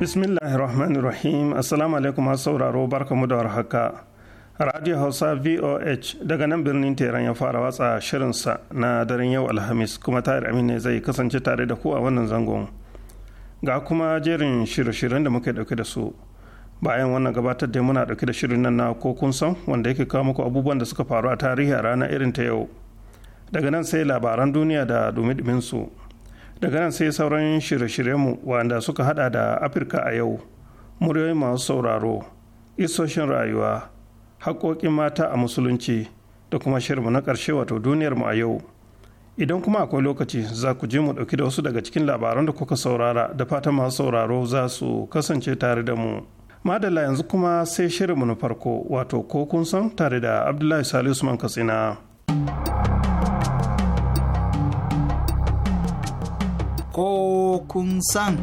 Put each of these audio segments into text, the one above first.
Bismillahirrahmanirrahim. Assalamu alaikum masu sauraro barka barkamu da warhaka. Radio Hausa VOH daga nan birnin Teran ya fara watsa shirinsa na daren yau Alhamis kuma tare Aminu zai kasance tare da ku a wannan zangon. Ga kuma jerin shirye-shiryen da muke dauke da su. Bayan wannan gabatar da muna dauke da shirin nan na ko kun san wanda yake kawo muku abubuwan da suka faru a tarihi a ranar irin ta yau. Daga nan sai labaran duniya da dumi duminsu su. daga nan sai sauran shirye-shiryenmu wanda suka hada da afirka a yau muryoyin masu sauraro isoshin rayuwa haƙoƙin mata a musulunci da kuma shirinmu na ƙarshe wato duniyarmu a yau idan kuma akwai lokaci za ku je mu ɗauki da wasu daga cikin labaran da kuka saurara da fatan masu sauraro za su kasance tare da mu madalla yanzu kuma sai shirinmu na farko wato ko kun san tare da abdullahi salisu man katsina ko kun san.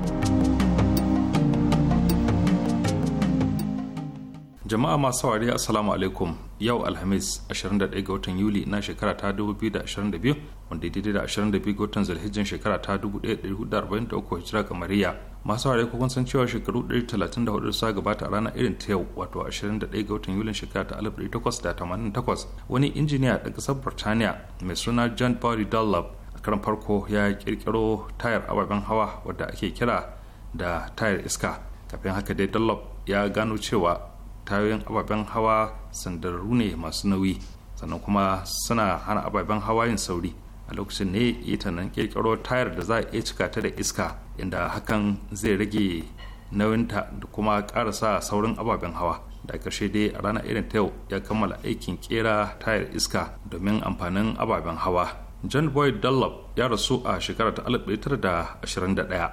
Jama'a masu saurari Assalamu alaikum yau Alhamis 21 ga watan Yuli na shekara ta 2022 wanda daidai da 22 ga watan Zulhijjin shekara ta 1443 hijira kamariya. Masu saurari kun san cewa shekaru 134 sa gabata a ranar irin ta yau wato 21 ga watan Yulin shekara ta 1888 wani injiniya daga kasar Birtaniya mai suna John Barry Dunlop karan farko ya kirkiro tayar ababen hawa wadda ake kira da tayar iska kafin haka dai dunlop ya gano cewa tayoyin ababen hawa sandararru ne masu nauyi sannan kuma suna hana ababen hawa yin sauri a lokacin ne ita nan kirkiro tayar da za a iya cika ta da iska inda hakan zai rage nauyinta da kuma ƙara sa saurin ababen hawa da karshe dai a ranar irin ta yau ya kammala aikin kera tayar iska domin amfanin ababen hawa john boyd dunlop ya rasu a shekara ta 1921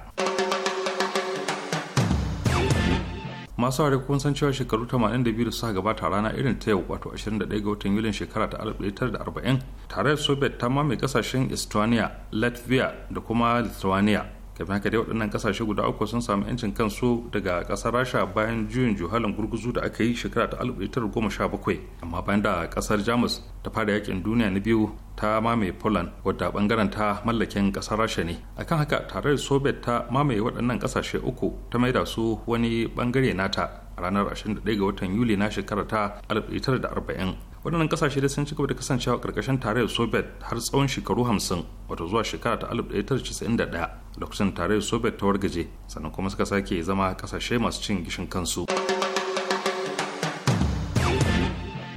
masu ware kun san cewa shekaru 82 da suka gabata rana irin ta yau wato 21 ga watan yulin shekara ta 1940 tare da soviet ta mamaye kasashen estonia latvia da kuma lithuania kafin haka dai waɗannan ƙasashe guda uku sun samu 'yancin kansu daga ƙasar rasha bayan juyin juhalin gurguzu da aka yi shekara ta sha bakwai amma bayan da ƙasar jamus ta fara yakin duniya na biyu ta mamaye poland wadda bangaren ta mallakin ƙasar rasha ne akan haka tare da soviet ta mamaye waɗannan ƙasashe uku ta maida su wani bangare nata a ranar 21 ga watan yuli na shekara ta 1940 waɗannan ƙasashe da sun ci gaba da kasancewa ƙarƙashin tarayyar soviet har tsawon shekaru hamsin wato zuwa shekara ta 1991 lokacin tarayyar soviet ta wargaje sannan kuma suka sake zama ƙasashe masu cin gishin kansu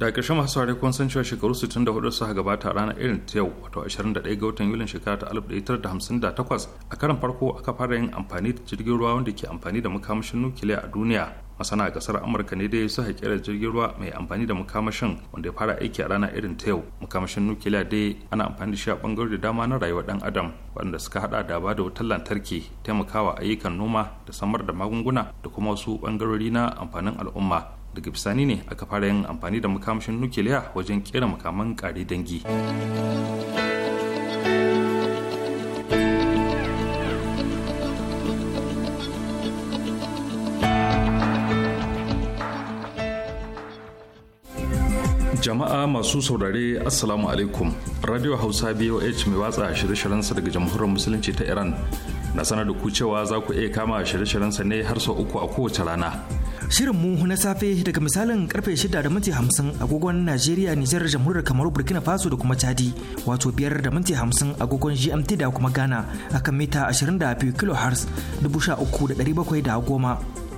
da ƙarshen masu saurari kuma sun cewa shekaru 64 suka gabata a ranar irin ta yau wato 21 ga watan yulin shekara ta 1958 a karan farko aka fara yin amfani da jirgin ruwa wanda ke amfani da makamashin nukiliya a duniya masana kasar amurka ne dai su haƙi jirgin ruwa mai amfani da mukamashin wanda ya fara aiki a rana irin ta yau mukamashin nukiliya dai ana amfani da shi a bangarori da dama na rayuwar dan adam waɗanda suka hada da ba da wutar lantarki taimakawa ayyukan noma da samar da magunguna da kuma wasu bangarori na amfanin al'umma daga bisani ne aka fara yin amfani da mukamashin nukiliya wajen kera mukaman kare dangi jama'a masu saurare assalamu alaikum radio hausa boh mai watsa shirye shiryen sa daga jamhuriyar musulunci ta iran na sanar da ku cewa za ku iya kama shirye shiryen sa ne har sau uku a kowace rana shirin mu na safe daga misalin karfe 6 da minti 50 agogon najeriya nijar jamhuriyar kamaru burkina faso da kuma chadi wato 5 da minti 50 agogon gmt da kuma ghana akan mita da 22 da 13710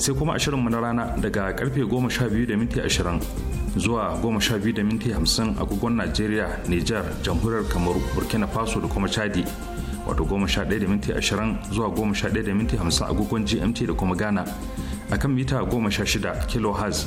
sai kuma a shirinmu na rana daga karfe 12.20 zuwa 12.50 a agogon Najeriya, Nijar, Jamhuriyar Kamaru, Burkina Faso da kuma Chadi. Wato 11.20 zuwa 11.50 a agogon GMT da kuma Ghana. A kan mita 16 sha shida kilohertz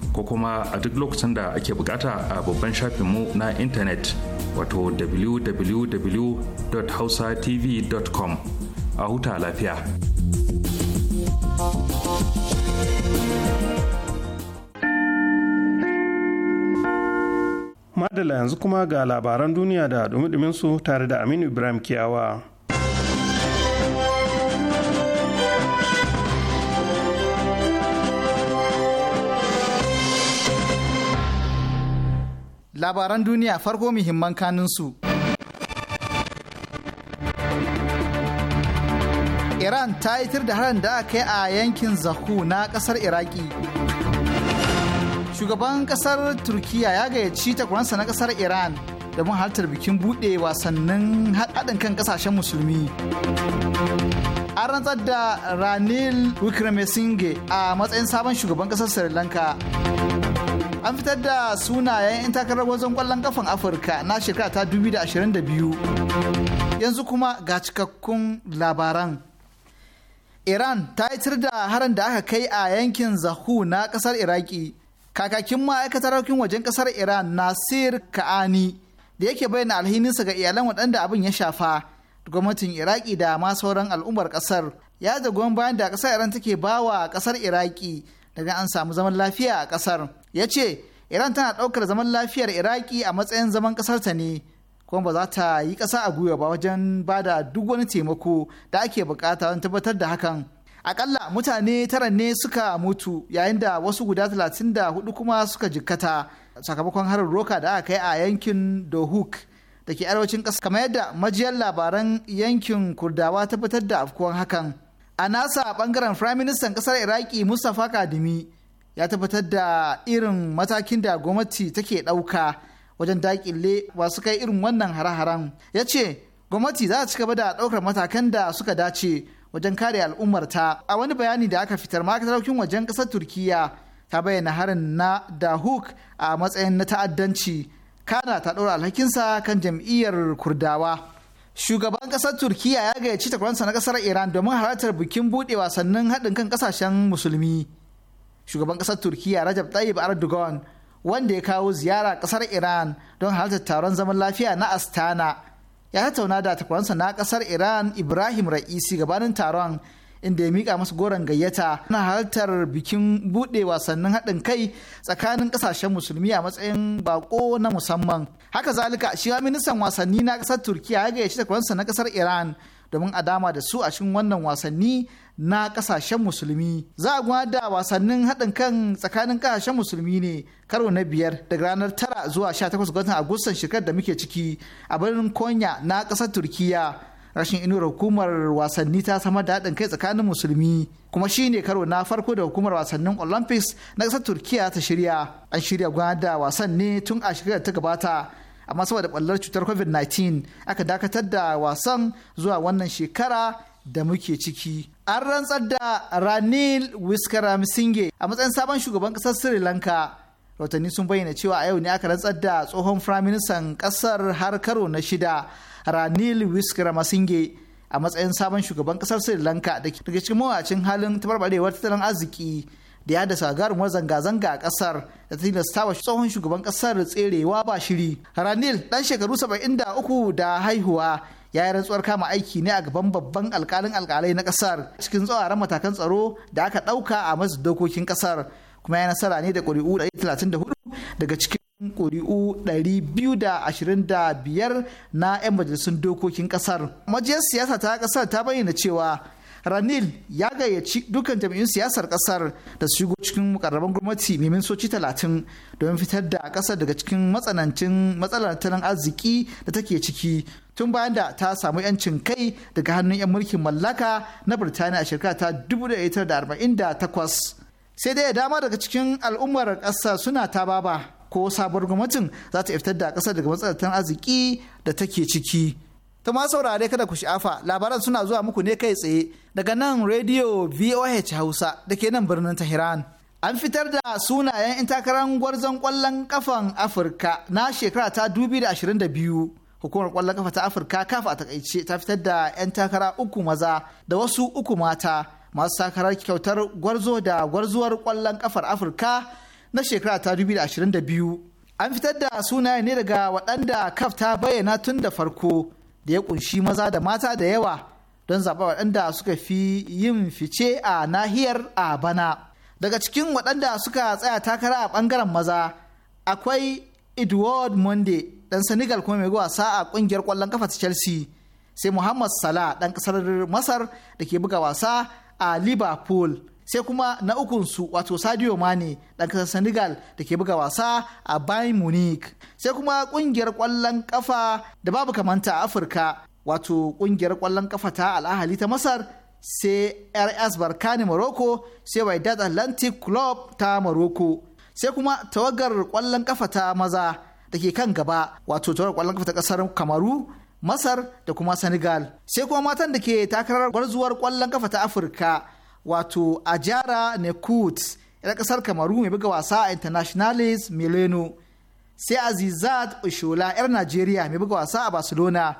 ko kuma a duk lokacin da ake bukata a babban shafinmu na intanet wato www.hausatv.com a huta lafiya. Madala yanzu kuma ga labaran duniya da dumi su tare da Aminu Ibrahim Kiyawa. labaran duniya farko muhimman kanin su. Iran ta yitar da harin da aka yi a yankin Zahu na kasar Iraki. Shugaban kasar Turkiya ya gayyaci takwaransa na kasar Iran da halartar bikin buɗe wasannin haɗin kan ƙasashen musulmi. An rantsar da Ranil Wickremesinghe a matsayin sabon shugaban ƙasar Sri Lanka. an fitar da sunayen 'yan takarar wajen kwallon kafan afirka na shekara ta 2022 yanzu kuma ga cikakkun labaran iran ta yi yitar da harin da aka kai a yankin zahu na kasar iraki kakakin ma'aikatar harkokin wajen kasar iran nasir ka'ani da yake bayyana alhininsa ga iyalan waɗanda abin ya shafa gwamnatin iraki da ma sauran al'ummar kasar ya zagon bayan da kasar iran take bawa kasar iraki daga an samu zaman lafiya a kasar ya ce iran tana ɗaukar zaman lafiyar iraki a matsayin zaman ƙasarta ne kuma ba za ta yi ƙasa a gwiwa ba wajen ba da duk wani taimako da ake bukata don tabbatar da hakan akalla mutane tara ne suka mutu yayin da wasu guda talatin da hudu kuma suka jikkata sakamakon harin roka da aka kai a yankin dohuk da ke arewacin ƙasa kamar yadda majiyar labaran yankin kurdawa tabbatar da afkuwan hakan a nasa bangaren firayim ministan ƙasar iraki mustapha kadimi ya tabbatar da irin matakin da gwamnati take ɗauka wajen dakile masu kai irin wannan hare-haren ya ce gwamnati za ci gaba da ɗaukar matakan da suka dace wajen kare al'ummarta a wani bayani da aka fitar ma'aikatar wajen ƙasar turkiya ta bayyana harin na dahuk a matsayin na ta'addanci kana ta ɗora alhakinsa kan jam'iyyar kurdawa shugaban ƙasar turkiya ya gayyaci takwaransa na ƙasar iran domin halartar bikin buɗe wasannin haɗin kan ƙasashen musulmi shugaban kasar turkiya rajab tayyip erdogan wanda ya kawo ziyara kasar iran don halartar taron zaman lafiya na astana ya tattauna da takwaransa na kasar iran ibrahim ra'isi gabanin taron inda ya mika masa goron gayyata na halartar bikin buɗe wasannin haɗin kai tsakanin ƙasashen musulmi a matsayin bako na musamman haka zalika shi ministan wasanni na ƙasar turkiya ya gayyaci takwaransa na ƙasar iran domin a dama da su a cikin wannan wasanni na kasashen musulmi za a gwada wasannin haɗin kan tsakanin kasashen musulmi ne karo na biyar daga ranar tara zuwa sha takwas watan agustan shekarar da muke ciki a birnin konya na ƙasar turkiya rashin inuwar hukumar wasanni ta samar da haɗin kai tsakanin musulmi kuma shi ne karo na farko da hukumar wasannin olympics na ƙasar turkiya ta shirya an shirya gwada wasan ne tun a shekarar ta gabata amma saboda ɓallar cutar covid-19 aka dakatar da wasan zuwa wannan shekara da muke ciki an rantsar da ranil wickremesinghe a matsayin sabon shugaban ƙasar sri lanka rautanni sun bayyana cewa a yau ne aka rantsar da tsohon firaministan ƙasar har karo na shida ranil wickremesinghe a matsayin sabon shugaban ƙasar sri lanka da ke cikin mawacin halin tabarbarewar tattalin arziki da ya da sagarumar zanga-zanga a kasar da ta tilasta wa tsohon shugaban kasar tserewa ba shiri. Ranil dan shekaru 73 da haihuwa ya yi rantsuwar kama aiki ne a gaban babban alkalin alkalai na kasar cikin tsawaran matakan tsaro da aka ɗauka a masu dokokin kasar kuma ya nasara ne da ƙuri'u 134 daga cikin kuri'u da 225 na 'yan majalisun dokokin kasar. Majiyar siyasa ta kasar ta bayyana cewa ranil ya gayyaci dukkan jami'in siyasar kasar da su shigo cikin mukarraban gwamnati mai soci talatin don fitar da kasar daga cikin matsanancin matsalar tattalin arziki da take ciki tun bayan da ta samu yancin kai daga hannun 'yan mulkin mallaka na birtaniya a shekara ta 1948 sai dai dama daga cikin al'ummar kasa suna ta baba ko sabuwar gwamnatin za ta fitar da kasar daga matsalar tattalin arziki da take ciki. ta ma saurare kada ku sha'afa labaran suna zuwa muku ne kai tsaye daga nan rediyo voh hausa da ke nan birnin Tahiran. an fitar da sunayen 'yan gwarzon kwallon kafan afirka na shekara ta 2022 hukumar kwallon kafa ta afirka kafa a takaice ta fitar da 'yan takara uku maza da wasu uku mata masu takarar kyautar gwarzo da gwarzuwar kwallon kafar afirka na shekara ta 2022 an fitar da sunayen ne daga waɗanda kaf ta bayyana tun da farko da ya kunshi maza da mata da yawa don zaɓa waɗanda suka fi yin fice a nahiyar a bana. Daga cikin waɗanda suka tsaya takara a ɓangaren maza akwai Edward Monde ɗan Senegal kuma mai wasa a ƙungiyar ƙwallon kafa ta Chelsea sai Muhammad Salah ɗan ƙasar Masar da ke buga wasa a Liverpool. sai kuma na ukunsu wato sadio mane ɗan kasar senegal da ke buga wasa a bayern munich sai kuma ƙungiyar ƙwallon ƙafa da babu kamanta a afirka wato ƙungiyar ƙwallon ƙafa ta al'ahali ta masar sai rs barkani morocco sai wydad atlantic club ta morocco sai kuma tawagar ƙwallon ƙafa ta maza da ke kan gaba wato tawagar ƙwallon ƙafa ta ƙasar kamaru masar da kuma senegal sai kuma matan da ke takarar gwarzuwar ƙwallon ƙafa ta afirka wato ajara nekut yar kasar kamaru mai buga wasa a internationalis mileno sai azizat Oshola, yar najeriya mai buga wasa a barcelona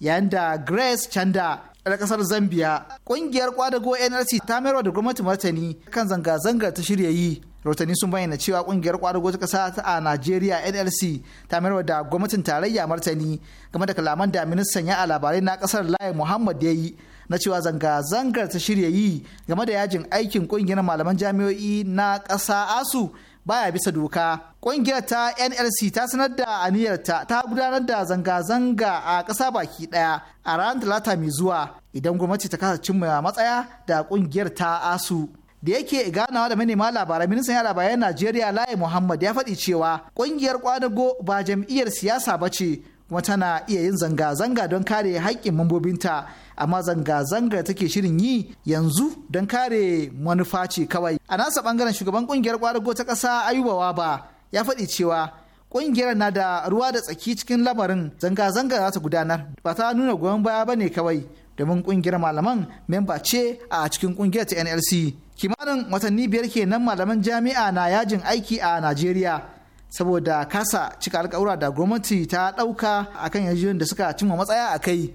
yayin da grace chanda yar kasar zambia kungiyar kwadago nrc ta mayar da gwamnati martani kan zanga-zangar ta shirya yi rautani sun bayyana cewa kungiyar kwadago ta kasa a najeriya nlc ta mayarwa da gwamnatin tarayya martani game da kalaman da ministan ya a labarai na kasar layi muhammad ya yi na cewa zanga-zangar ta shirya yi game da yajin aikin kungiyar malaman jami'o'i na ƙasa asu baya bisa doka. Kungiyar ta NLC ta sanar da aniyarta ta gudanar da zanga-zanga a ƙasa baki ɗaya a ranar talata mai zuwa idan gwamnati ta kasa cimma matsaya da kungiyar ta asu. da yake ganawa da manema labarai ministan yara bayan najeriya layi muhammad ya faɗi cewa ƙungiyar kwanago ba jam'iyyar siyasa ba ce kuma tana iya yin zanga-zanga don kare haƙƙin mambobinta amma zanga-zangar take shirin yi yanzu don kare manufa ce kawai a nasa bangaren shugaban kungiyar kwadago ta ƙasa ayubawa ba ya faɗi cewa kungiyar na da ruwa da tsaki cikin lamarin zanga-zanga za ta gudanar ba ta nuna goyon baya ba ne kawai domin kungiyar malaman memba ce a cikin kungiyar ta nlc kimanin watanni biyar kenan malaman jami'a na yajin aiki a najeriya saboda kasa cika alkawura da gwamnati ta ɗauka akan yarjejeniyar da suka cimma matsaya a kai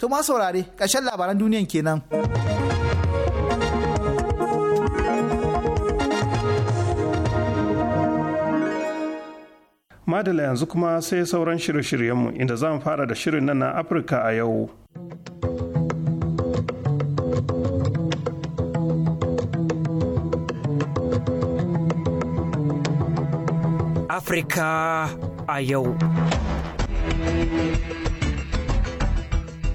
To ma saurare ƙarshen labaran duniyan kenan. Madala yanzu kuma sai sauran shirye-shiryenmu inda zan fara da shirin nan na Afirka a yau. Afirka a yau.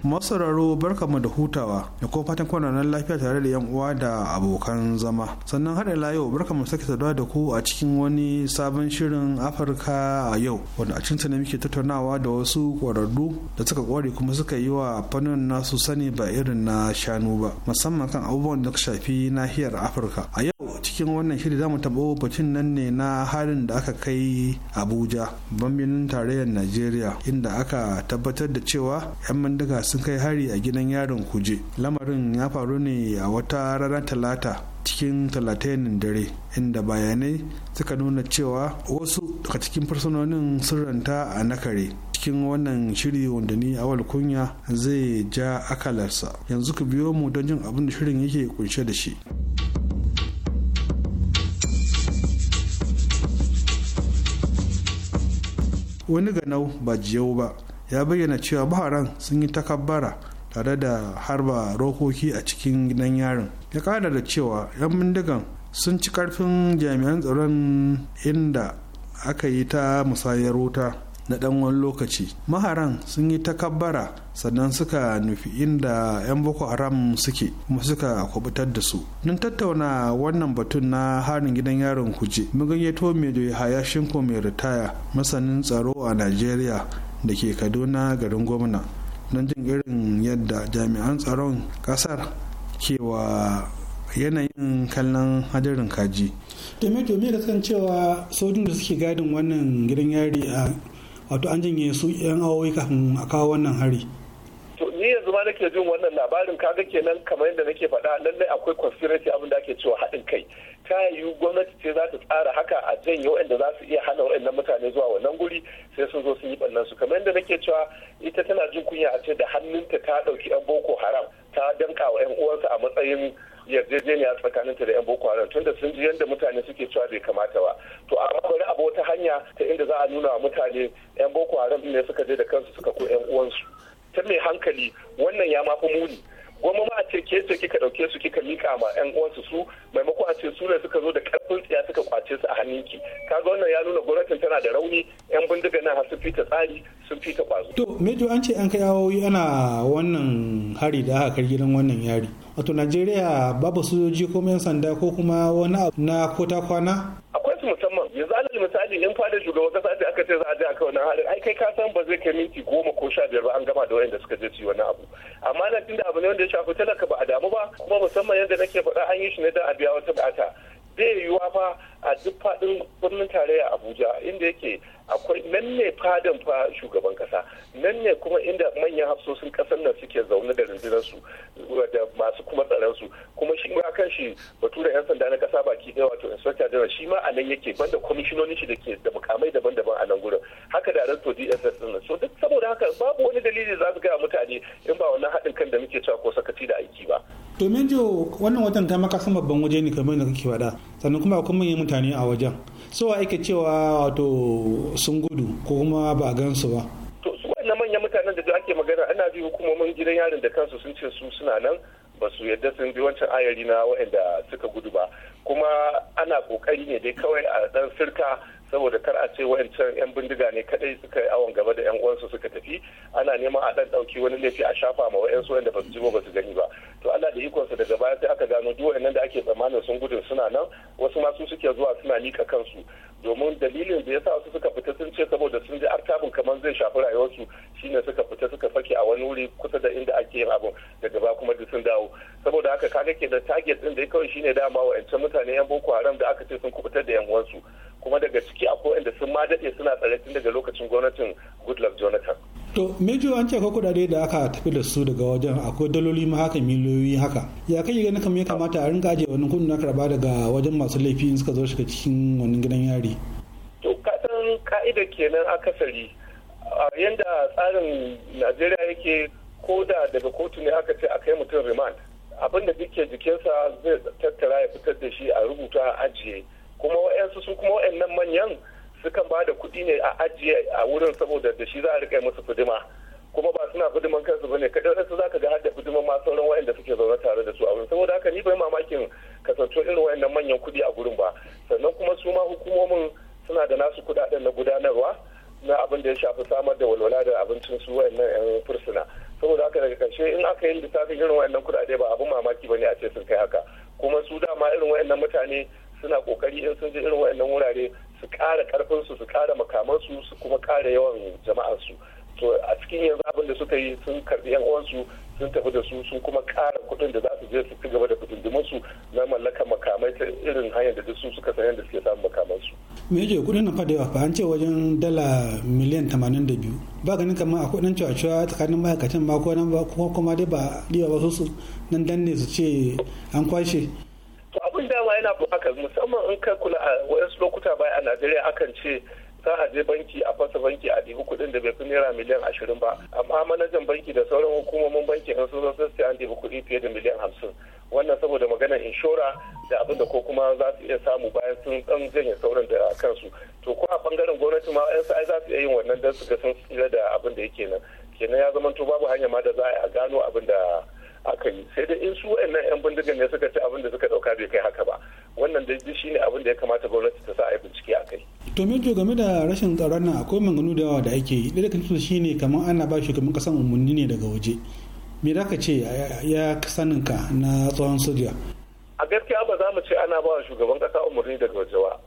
masauraro mu da hutawa da kuma fatan kwana nan lafiya tare da yan uwa da abokan zama sannan haɗa layo mu sake saduwa da ku a cikin wani sabon shirin afirka a yau wanda a cikin ne muke tattaunawa da wasu kwararru da suka kware kuma suka yi wa fannin nasu sani ba irin na shanu ba musamman kan abubuwan da shafi nahiyar afirka a yau cikin wannan shiri za mu batun nan ne na harin da aka kai abuja bambinin tarayyar najeriya inda aka tabbatar da cewa 'yan mandaga sun kai hari a gidan yarin kuje lamarin ya faru ne a wata ranar talata cikin talatainin dare inda bayanai suka nuna cewa wasu daga cikin fursunonin sun ranta a nakare cikin wannan shiri wanda ni awal kunya zai ja akalarsa yanzu ku biyo mu don jin abin da shirin yake kunshe da shi. wani ganau ba jiyau ba ya bayyana cewa baharan sun yi takabbara tare da harba rokoki a cikin gidan yarin ya kada da cewa 'yan bindigan sun ci karfin jami'an tsaron inda aka yi ta musayar wuta na ɗan wani lokaci maharan sun yi takabbara sannan suka nufi inda 'yan boko haram suke kuma suka kwabutar da su don tattauna wannan batun na harin gidan yaron kuje mun to mai da hayashin ko mai ritaya masanin tsaro a najeriya da ke kaduna garin gwamna don jin irin yadda jami'an tsaron kasar kewa yanayin kallon hadarin kaji. domin domin cewa sojin da suke gadin wannan gidan yari a wato an janye su yan awowi kafin a kawo wannan hari to ni yanzu ma nake jin wannan labarin kaga kenan kamar yadda nake faɗa lallai akwai conspiracy abin da ake cewa haɗin kai ta yiwu gwamnati ce za ta tsara haka a janye waɗanda za su iya hana waɗannan mutane zuwa wannan guri sai sun zo sun yi ɓannan su kamar yadda nake cewa ita tana jin kunya a ce da hannunta ta ɗauki 'yan boko haram ta danka wa 'yan uwansa a matsayin yarjejeniya tsakaninta da 'yan boko haram tunda sun ji yadda mutane suke cewa bai kamata ba to amma bari abu wata hanya ta inda za a nuna wa mutane 'yan boko haram ne suka je da kansu suka ko 'yan uwansu ta mai hankali wannan ya mafi muni gwamma ma a ce ke ce kika dauke su kika mika ma yan uwansu su maimako a ce su ne suka zo da karfin tsiya suka kwace su a hannun ki kaga wannan ya nuna gwamnatin tana da rauni yan bindiga nan har sun fita tsari sun fita kwazo to mejo an ce an kai awoyi ana wannan hari da aka kai gidan wannan yari wato najeriya babu sojoji ko yan sanda ko kuma wani abu na kota kwana akwai su musamman misali in fada shugaban kasa ce aka ce za a je a kai wannan halin ai kai ka san ba zai kai minti goma ko sha biyar ba an gama da wayanda suka je yi wani abu amma nan tunda abu ne wanda ya shafi talaka ba a damu ba kuma musamman yadda nake faɗa an yi shi ne don a biya wata bukata zai yiwuwa fa a duk faɗin birnin tarayya abuja inda yake akwai nan ne fadan fa shugaban kasa nan ne kuma inda manyan hafsosin kasar nan suke zaune da rundunarsu da masu kuma tsaronsu kuma shi ma kan shi bature yan sanda na kasa baki ɗaya wato inspector general shi ma a nan yake banda kwamishinonin shi da ke da mukamai daban-daban a nan gurin haka da rato dss din so duk saboda haka babu wani dalili za su gaya mutane in ba wannan haɗin kan da muke cewa ko sakaci da aiki ba. domin jo wannan watan ta maka babban waje ne kamar yadda kake faɗa sannan kuma akwai manyan mutane a wajen so ake cewa wato sun gudu ko kuma ba gan su ba to su wannan manyan mutanen da ake magana ana bi hukumomin gidan yarin da kansu sun ce su suna nan ba su yadda sun bi wancan ayari na waɗanda suka gudu ba kuma ana kokari ne dai kawai a ɗan sirka saboda kar a ce wa'ancan 'yan bindiga ne kadai suka yi awon gaba da 'yan uwansu suka tafi ana neman a dan dauki wani laifi a shafa ma wa'ansu wanda ba su ji ba su gani ba to Allah da ikonsa daga baya sai aka gano duk wa'annan da ake tsammanin sun gudun suna nan wasu ma su suke zuwa suna lika kansu domin dalilin da yasa wasu suka fita sun ce saboda sun ji artabin kamar zai shafi rayuwarsu shine suka fita suka fake a wani wuri kusa da inda ake yin abin daga ba kuma duk sun dawo saboda haka kaga ke da target din da kawai shine dama wa'ancan mutane yan boko haram da aka ce sun kubutar da yan uwansu kuma daga ciki akwai wanda sun ma daɗe suna tsare tun daga lokacin gwamnatin goodluck jonathan to mejo an ce akwai kudade da aka tafi da su daga wajen akwai daloli ma haka miliyoyi haka ya kai ganin kamar ya kamata a rinka ajiye wani kunna na daga wajen masu laifi in suka zo shiga cikin wani gidan yari to kaɗan ka'ida kenan akasari a yanda tsarin najeriya yake ko daga kotu ne aka ce a kai mutum remand abin da duke jikinsa zai tattara ya fitar da shi a rubuta a ajiye kuma wa'yansu su kuma wa'yannan manyan sukan ba da kuɗi ne a ajiye a wurin saboda da shi za a riƙe musu fidima kuma ba suna fidiman kansu ba ne kaɗai wasu za ka ga da fidiman ma sauran wa'yanda suke zaune tare da su a wurin saboda haka ni bai mamakin kasance irin wa'annan manyan kuɗi a gurin ba sannan kuma su ma hukumomin suna da nasu kuɗaɗen na gudanarwa na abin da ya shafi samar da walwala da abincin su wa'yannan 'yan fursuna saboda haka daga ƙarshe in aka yi lissafin irin wa'annan kuɗaɗe ba abin mamaki ba ne a ce sun kai haka kuma su dama irin wa'annan mutane suna kokari in sun je irin waɗannan wurare su kara karfin su su ƙara makamansu su kuma ƙara yawan jama'ar su to a cikin yanzu abin da suka yi sun karbi yan su sun tafi da su sun kuma kara kuɗin da za su je su ci gaba da fitindimin su na mallaka makamai ta irin hanyar da duk su suka san yadda suke samun makaman su. me yake kudin na fada fa an ce wajen dala miliyan tamanin da biyu ba ganin kamar a kudin cewa tsakanin ma'aikatan ma ko nan ba kuma dai ba ɗiba ba su nan danne su ce an kwashe abin dama yana buƙatar musamman in ka kula a wasu lokuta baya a najeriya akan ce za a je banki a fasa banki a ɗibi kuɗin da bai fi naira miliyan ashirin ba amma manajan banki da sauran hukumomin banki in sun zo sai an ɗibi kuɗi fiye da miliyan hamsin wannan saboda maganar inshora da abin da ko kuma za su iya samu bayan sun ɗan janye sauran da kansu to ko a ɓangaren gwamnati ma yansu ai za su iya yin wannan don su ga sun tsira da abin da yake nan kenan ya zama to babu hanya ma da za a gano abin da aka yi sai da in su wa'annan yan bindigan ne suka ci abin da suka dauka bai kai haka ba wannan dai shi ne abin da ya kamata gwamnati ta sa a yi bincike a kai. to mejo game da rashin tsaron nan akwai maganganu da yawa da ake yi ɗaya daga shi ne kamar ana ba shugaban kasan umarni ne daga waje me za ka ce ya ka na tsohon sojiya. a gaskiya ba za mu ce ana ba shugaban ƙasa umarni daga waje ba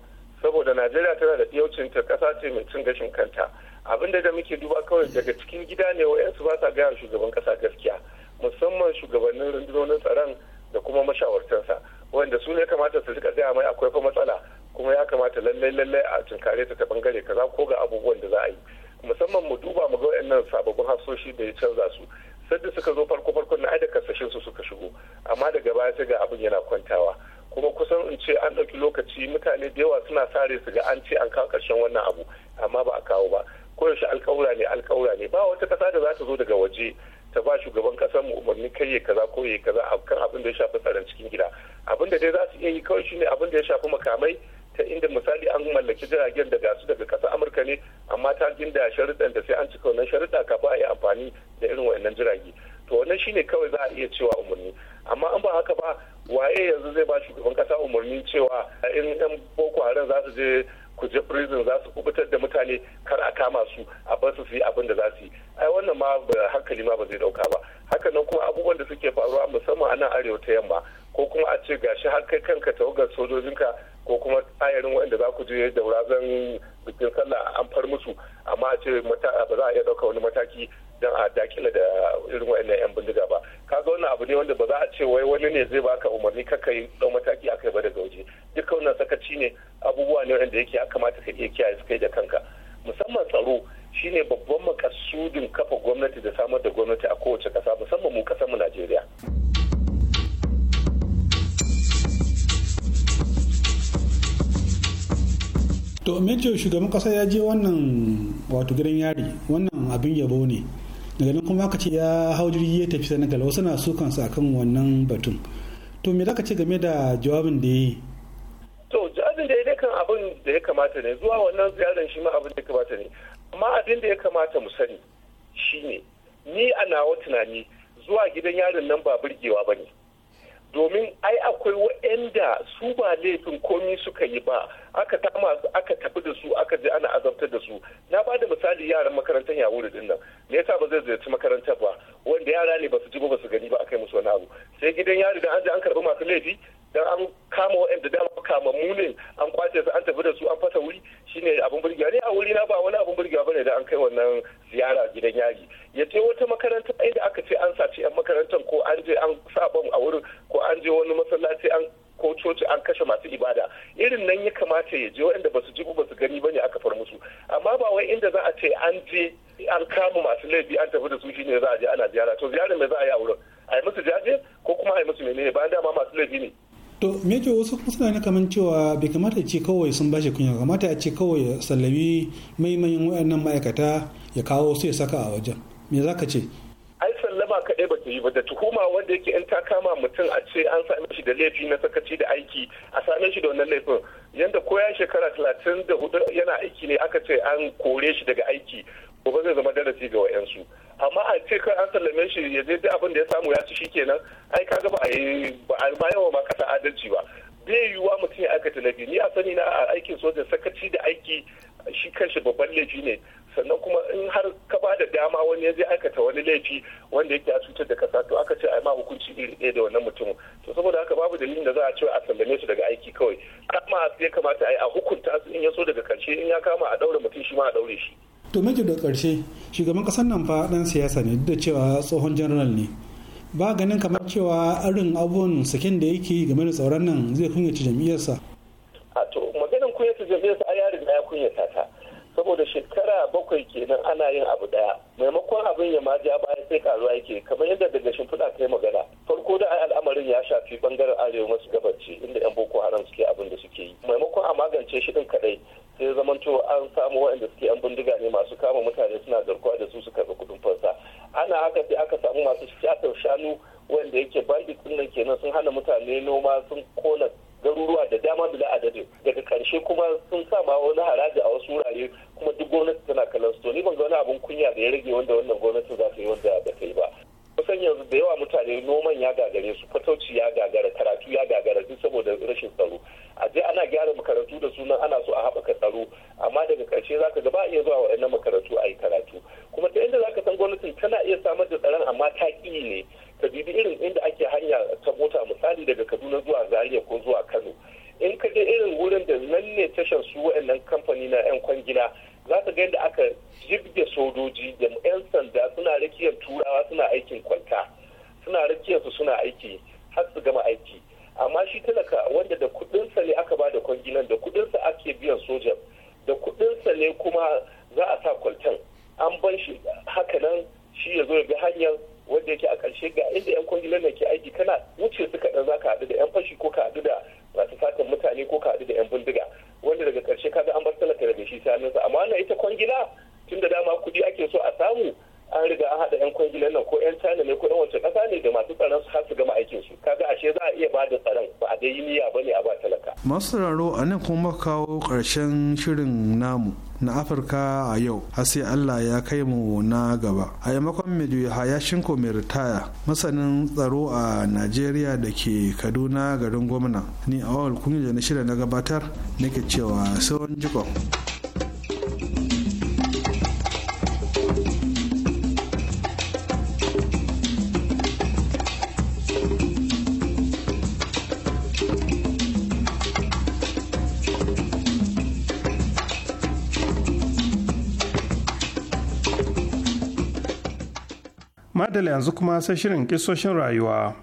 saboda najeriya tana da ɗiyaucin ta ƙasa ce mai cin gashin kanta abin da muke duba kawai daga cikin gida ne wa'yansu ba sa gaya shugaban ƙasa gaskiya musamman shugabannin rundunonin tsaron da kuma mashawartansa wanda su ne kamata su rika tsaya mai akwai fa matsala kuma ya kamata lallai lallai a tunkare ta ta bangare kaza ko ga abubuwan da za a yi musamman mu duba mu ga wayannan sababbin hafsoshi da ya canza su sadda suka zo farko farko na da kasashen su suka shigo amma daga baya sai ga abin yana kwantawa kuma kusan in ce an ɗauki lokaci mutane da yawa suna sare su ga an ce an kawo ƙarshen wannan abu amma ba a kawo ba koyaushe alƙawura ne alƙawura ne ba wata ƙasa da za ta zo daga waje ta ba shugaban kasar mu umarni kai ya kaza ko ya kaza kan abin da ya shafi tsaron cikin gida abin da dai za su iya yi kawai shine abin da ya shafi makamai ta inda misali an mallaki jiragen da gasu daga kasar amurka ne amma ta inda sharuɗan da sai an cika wannan sharuɗa kafin a yi amfani da irin wayannan jirage to wannan shine kawai za a iya cewa umarni amma an ba haka ba waye yanzu zai ba shugaban kasa umarni cewa irin yan boko haram za su je ku je prison za su kubutar da mutane kar a kama su a bar su yi abin da za su yi ai wannan ma hankali ma ba zai dauka ba haka nan kuma abubuwan da suke faruwa musamman a nan arewa ta yamma ko kuma a ce gashi har kai kanka tawagar sojojinka ko kuma ayarin wanda za ku je da wurazan bikin sallah an far musu amma a ce ba za a iya ɗauka wani mataki don a dakila da irin wa'annan 'yan bindiga ba kaga wannan abu ne wanda ba za a ce wai wani ne zai baka umarni kaka yi ɗau mataki a kai ba daga waje duka wannan sakaci ne abubuwa ne wanda yake ya kamata ka iya kiyaye su kai da kanka musamman tsaro shine babban makasudin kafa gwamnati da samar da gwamnati a kowace kasa musamman mu kasar mu Najeriya. to mejo shugaban kasa ya je wannan wato gidan yari wannan abin yabo ne daga nan kuma aka ce ya hau jirgi ya tafi senegal wasu na kansu akan wannan batun to me zaka ce game da jawabin da ya yi to jawabin da ya dai kan abin da ya kamata ne zuwa wannan ziyarar shi ma abin da ya kamata ne amma abin da ya kamata mu sani shine ni a nawa tunani zuwa gidan yarin nan ba burgewa ba ne domin ai akwai waɗanda su ba laifin komi suka yi ba aka kama su aka tafi da su aka je ana azabtar da su na ba da misali yaran makarantar yawuri din nan me yasa ba zai ziyarci makarantar ba wanda yara ne ba su ji ba su gani ba aka yi musu wani abu sai gidan yari da an je an karbi masu laifi dan an kama waɗanda dama kama mune an kwace su an tafi da su an fasa wuri shine abin burgewa ne a wuri na ba wani abin burgewa bane da an kai wannan ziyara gidan yari ya je wata makaranta inda aka ce an sace yan makarantar ko an je an sabon a wurin ko an je wani masallaci an ko coci an kashe masu ibada irin nan ya kamata ya je waɗanda ba su ji ba su gani ba ne aka far musu amma ba wai inda za a ce an je an kama masu laifi an tafi da su shine za a je ana ziyara to ziyarar mai za a yi a wurin a yi musu jaje ko kuma a yi musu menene bayan dama masu laifi ne To Mejo wasu kuma na kamar cewa bai kamata ce kawai sun bashi kunya kamata a ce kawai ya sallami maimayin waɗannan ma'aikata ya kawo su ya saka a wajen. me za ka ce ai sallama kaɗai ba ta yi ba da tuhuma wanda yake in ta kama mutum a ce an same shi da laifi na sakaci da aiki a same shi da wannan laifin yadda ko ya shekara talatin da hudu yana aiki ne aka ce an kore shi daga aiki gobe zai zama darasi ga wayansu amma a ce kar an sallame shi ya je duk abin da ya samu ya ci shi kenan ai ka ga ba a yi ba a yawa ma kasa adalci ba bai yiwuwa mutum ya aikata laifi ni a sani na aikin sojan sakaci da aiki shi kanshi babban laifi ne sannan kuma in har ka ba da dama wani ya je aikata wani laifi wanda yake a cutar da kasa to aka ce a ma hukunci iri ɗaya da wannan mutumin to saboda haka babu dalilin da za a ce a sallame su daga aiki kawai kama su ya kamata a yi a hukunta su in ya so daga karshe in ya kama a daure mutum shi ma a daure shi. to miji da karshe shugaban kasar nan fa dan siyasa ne duk da cewa tsohon general ne ba ganin kamar cewa irin abun sakin da yake game da tsauran nan zai kunyata jam'iyyarsa. a to maganin kunyata jam'iyyarsa a yarin ya kunyata ta saboda shekara bakwai kenan ana yin abu daya maimakon abin ya maja baya sai karuwa yake kamar yadda daga shimfiɗa ta yi magana farko da al'amarin ya shafi bangaren arewa masu gabaci inda yan boko haram suke abin da suke yi maimakon a magance shi din kadai sai zamanto an samu waɗanda suke yan bindiga ne masu kama mutane suna garkuwa da su su karɓi kuɗin fansa ana haka sai aka samu masu shatar shanu wanda yake bandit ɗin nan kenan sun hana mutane noma sun kona garuruwa da dama bila adadin daga karshe kuma sun sa ma wani haraji a wasu wurare kuma duk gwamnati tana kallon su to ni ban ga wani abun kunya da ya rage wanda wannan gwamnati za ta yi wanda ba ta yi ba kusan yanzu da yawa mutane noman ya gagare su fatauci ya gagara karatu ya gagara duk saboda rashin tsaro a je ana gyara makarantu da sunan ana so a haɓaka tsaro amma daga ƙarshe za ka gaba iya zuwa waɗannan makarantu a yi karatu kuma ta inda za ka san gwamnatin tana iya samar da tsaron amma ta ne ka bibi irin inda ake hanya ta mota misali daga kaduna zuwa zaria ko zuwa kano in ka je irin wurin da nan ne tashar su wa'annan kamfani na 'yan kwangila za ka ga yadda aka jibge sojoji da 'yan sanda suna rakiyar turawa suna aikin kwanta suna rakiyar su suna aiki har su gama aiki amma shi talaka wanda da kudinsa ne aka ba da kwangilan da kudinsa ake biyan soja da kudinsa ne kuma za a sa kwaltan an ban shi hakanan shi ya zo ya bi hanyar wanda yake a ƙarshe ga inda 'yan kwangilar da ke aiki kana wuce su kaɗan za ka haɗu da 'yan fashi ko ka haɗu da masu fatan mutane ko ka haɗu da 'yan bindiga wanda daga ƙarshe ka ga an bar talaka da shi sanunsa amma wannan ita kwangila tun da dama kuɗi ake so a samu an riga an haɗa 'yan kwangilar nan ko 'yan china ne ko 'yan wancan ƙasa ne da masu tsaron su har su gama aikin su kaga ashe za a iya ba da tsaron ba a dai yi niyya ba ne a ba talaka. masu sauraro a nan kuma kawo ƙarshen shirin namu na afirka a yau har sai allah ya kai mu na gaba a yamakon muhammad yahaya shinko mai ritaya masanin tsaro a najeriya da ke kaduna garin gwamna ni awal kunya da na shirya na gabatar nake cewa sauran jikon yanzu kuma sai shirin kisoshin rayuwa.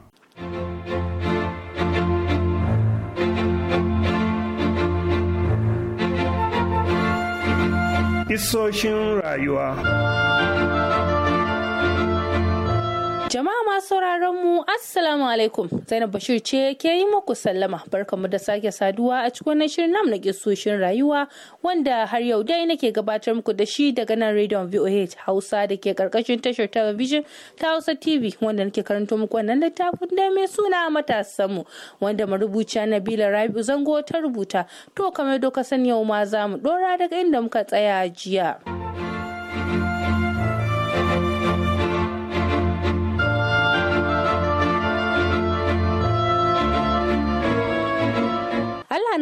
Kisoshin rayuwa Jama'a masu sauraron mu Assalamu alaikum Zainab Bashir ce ke yi muku sallama barkamu da sake saduwa a cikin wannan shirin namu na kisoshin rayuwa wanda har yau dai nake gabatar muku da shi daga nan Radio VOH Hausa da ke karkashin tashar talabijin ta Hausa TV wanda nake karanto muku wannan littafin da mai suna matasan mu wanda marubuciya Nabila Rabi'u Zango ta rubuta to kamar doka san yau ma za mu dora daga inda muka tsaya jiya.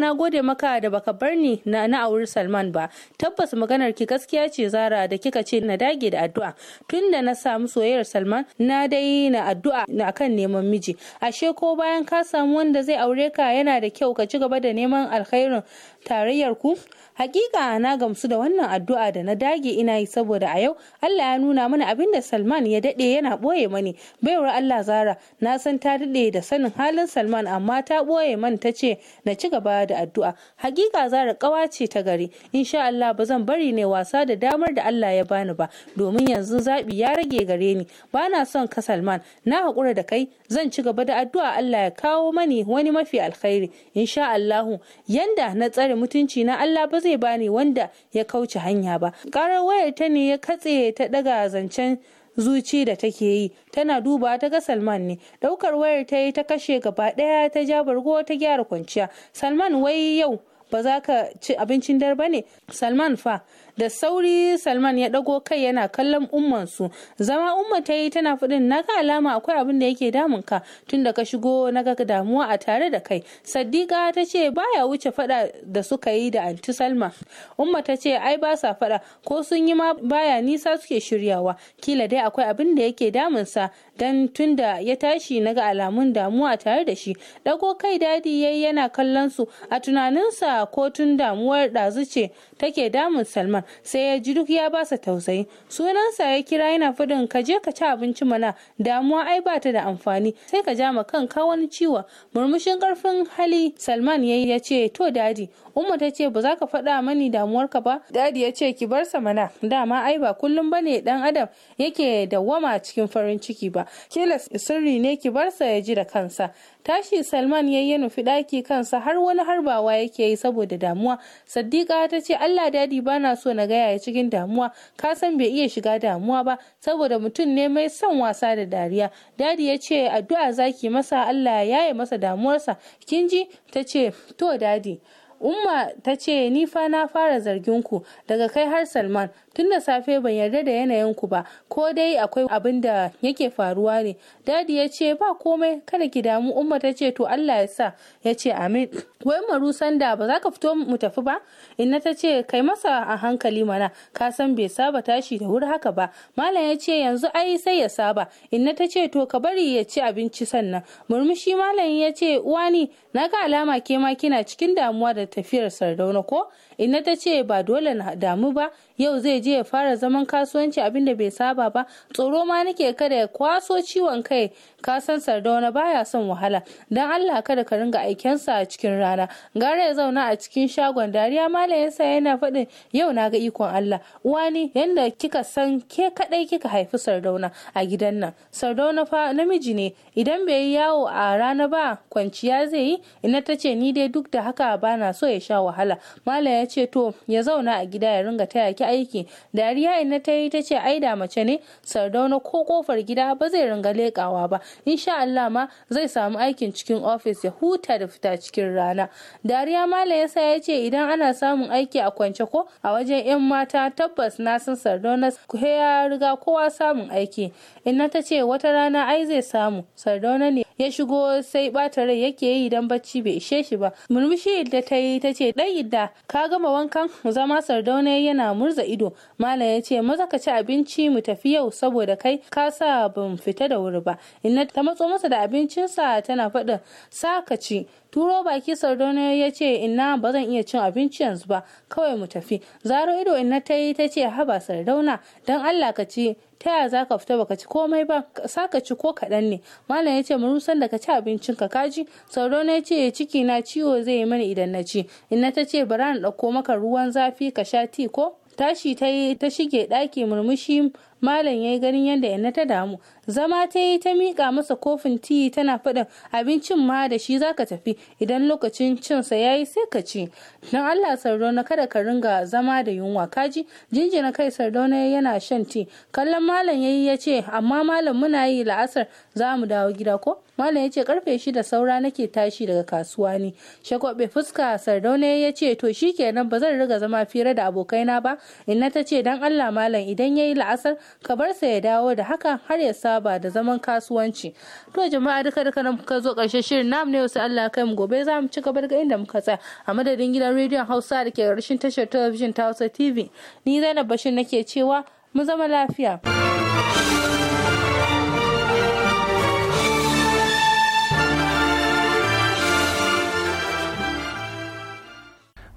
na gode maka da baka bar ni na na auri Salman ba. Tabbas maganar ki gaskiya ce Zara da kika ce na dage da addu'a. tunda na samu soyayyar Salman na dai na addu'a na akan neman miji. Ashe ko bayan ka samu wanda zai aure ka yana da kyau ka ci gaba da neman alkhairin tarayyar ku. hakika na gamsu da wannan addu'a da na dage ina yi saboda a yau Allah ya nuna mana abin da Salman ya dade yana boye mani baiwar Allah Zara na san ta dade da sanin halin Salman amma ta boye man ta ce na ci gaba da addu'a hakika Zara kawa ce ta gari insha Allah ba zan bari ne wasa da damar da Allah ya bani ba domin yanzu zabi ya rage gare ni bana son ka Salman na hakura da kai zan ci gaba da addu'a Allah ya kawo mani wani mafi alkhairi insha Allahu yanda na tsare mutunci na Allah ba zai bani wanda ya kauce hanya ba karar wayar ta ne ya katse ta daga zancen zuci da take yi tana duba ta ga salman ne daukar wayar ta yi ta kashe gaba daya ta ja bargo ta gyara kwanciya salman wai yau ba za ka ci abincin dare ba ne salman fa da sauri salman ya ɗago kai yana kallon su. zama umma ta yi tana fudin Na ga alama akwai abin da yake damun ka tun da ka shigo naga damuwa a tare da kai saddiqa ta ce baya wuce fada da suka yi da anti salma umma ta ce ai ba sa fada ko sun yi ma baya nisa suke shiryawa kila dai akwai abin da yake damun sa dan da ya tashi Na ga alamun damuwa tare da shi ɗago kai dadi yayi yana kallon su a tunaninsa ko tun damuwar ɗazu ce take damun salman sai ya ji duk ya basa tausayi sunansa ya kira yana fadin ka je ka ci abinci mana damuwa ai ba ta da amfani sai ka ja ma kanka wani ciwo murmushin karfin hali salman ya ya ce to dadi umma ta ce ba za ka faɗa mani damuwarka ba dadi ya ce ki bar sa mana dama ai ba kullum bane dan adam yake dawwama cikin farin ciki ba kila sirri ne ki bar sa ya ji da kansa tashi salman ya yi nufi ɗaki kansa har wani harbawa yake yi saboda damuwa saddiqa ta ce allah dadi bana so na gaya ya cikin damuwa ka san bai iya shiga damuwa ba saboda mutum ne mai son wasa da dariya dadi ya ce addu'a zaki masa allah ya yi masa damuwarsa kin ji ta ce to dadi umma ta ce ni fa na fara zargin ku daga kai har salman tun da safe ban yarda da yanayin ku ba ko dai akwai abin da yake faruwa ne dadi ya ce ba komai kada ki damu umma ta ce to Allah ya sa ya ce amin wai maru sanda ba za ka fito mu tafi ba inna ta ce kai masa a hankali mana ka san bai saba tashi da wuri haka ba malam ya ce yanzu ai sai ya saba inna ta ce to ka bari ya ci abinci sannan murmushi malam ya ce uwani na ga alama ke ma kina cikin damuwa da tafiyar sardauna ko ina ta ce ba dole na damu ba yau zai je ya fara zaman kasuwanci abinda bai saba ba tsoro ma nake kada ya kwaso ciwon kai ka san sardauna baya son wahala dan Allah kada ka ringa aikensa a cikin rana gara ya zauna a cikin shagon dariya malayansa yana faɗin yau na ga ikon Allah uwa ni yanda kika san ke kadai kika haifi sardauna a gidan nan sardauna fa namiji ne idan bai yi yawo a rana ba kwanciya zai yi ina ta ce ni dai duk da haka bana so ya sha wahala malayan ya ce to ya zauna a gida ya ringa taya ki aiki dariya ina ta yi ta ce ai da mace ne sardauna ko kofar gida ba zai ringa lekawa ba insha Allah ma zai samu aikin cikin ofis ya huta da fita cikin rana dariya malam yasa ya ce idan ana samun aiki a kwance ko a wajen yan mata tabbas na san sardauna ya riga kowa samun aiki ina ta ce wata rana ai zai samu sardauna ne ya shigo sai bata rai yake yi idan bacci bai ishe shi ba murmushi da ta yi ta ce dai idda kaga gama wankan zama sardauna yana murza ido malam ya ce maza ka ci abinci mu tafi yau saboda kai ka sa ban fita da wuri ba inna ta matso masa da abincinsa tana faɗa sa ka ci turo baki sardauna ya ce inna ba zan iya cin abinci yanzu ba kawai mu tafi zaro ido inna ta yi ta ce haba sardauna don allah ka ci ta yaya ka fita baka ci komai ba sa ka ci ko kaɗan ne malam ya ce murusan da ka ci abincin ka kaji sauro na ce eh, ciki na ciwo zai yi mani idan na ci inna ta ce bara na ɗauko maka ruwan zafi ka sha ti ko tashi ta ta shige ɗaki murmushi malam ya yi ganin yadda inna ta damu zama ta yi ta miƙa masa kofin tiyi tana faɗin abincin ma da shi zaka tafi idan lokacin cinsa ya yi sai ka ci don allah sardauna kada ka ringa zama da yunwa kaji jinjina kai sardauna yana shan ti kallon malam yayi ya ce amma malam muna yi la'asar za mu dawo gida ko malam ya ce karfe shida saura nake tashi daga kasuwa ne shagwabe fuska sardauna ya ce to shikenan ba zan riga zama fira da abokaina ba inna ta ce don allah malam idan ya yi la'asar ka bar sa ya dawo da haka har ya sa ba da zaman kasuwanci to jama'a duka duka nan muka zo karshe shirin namu ne sai Allah kai mu gobe za mu ci gaba daga inda muka tsaya a madadin gidan rediyon Hausa da ke rashin tashar talabijin ta Hausa TV ni Zainab Bashir nake cewa mu zama lafiya.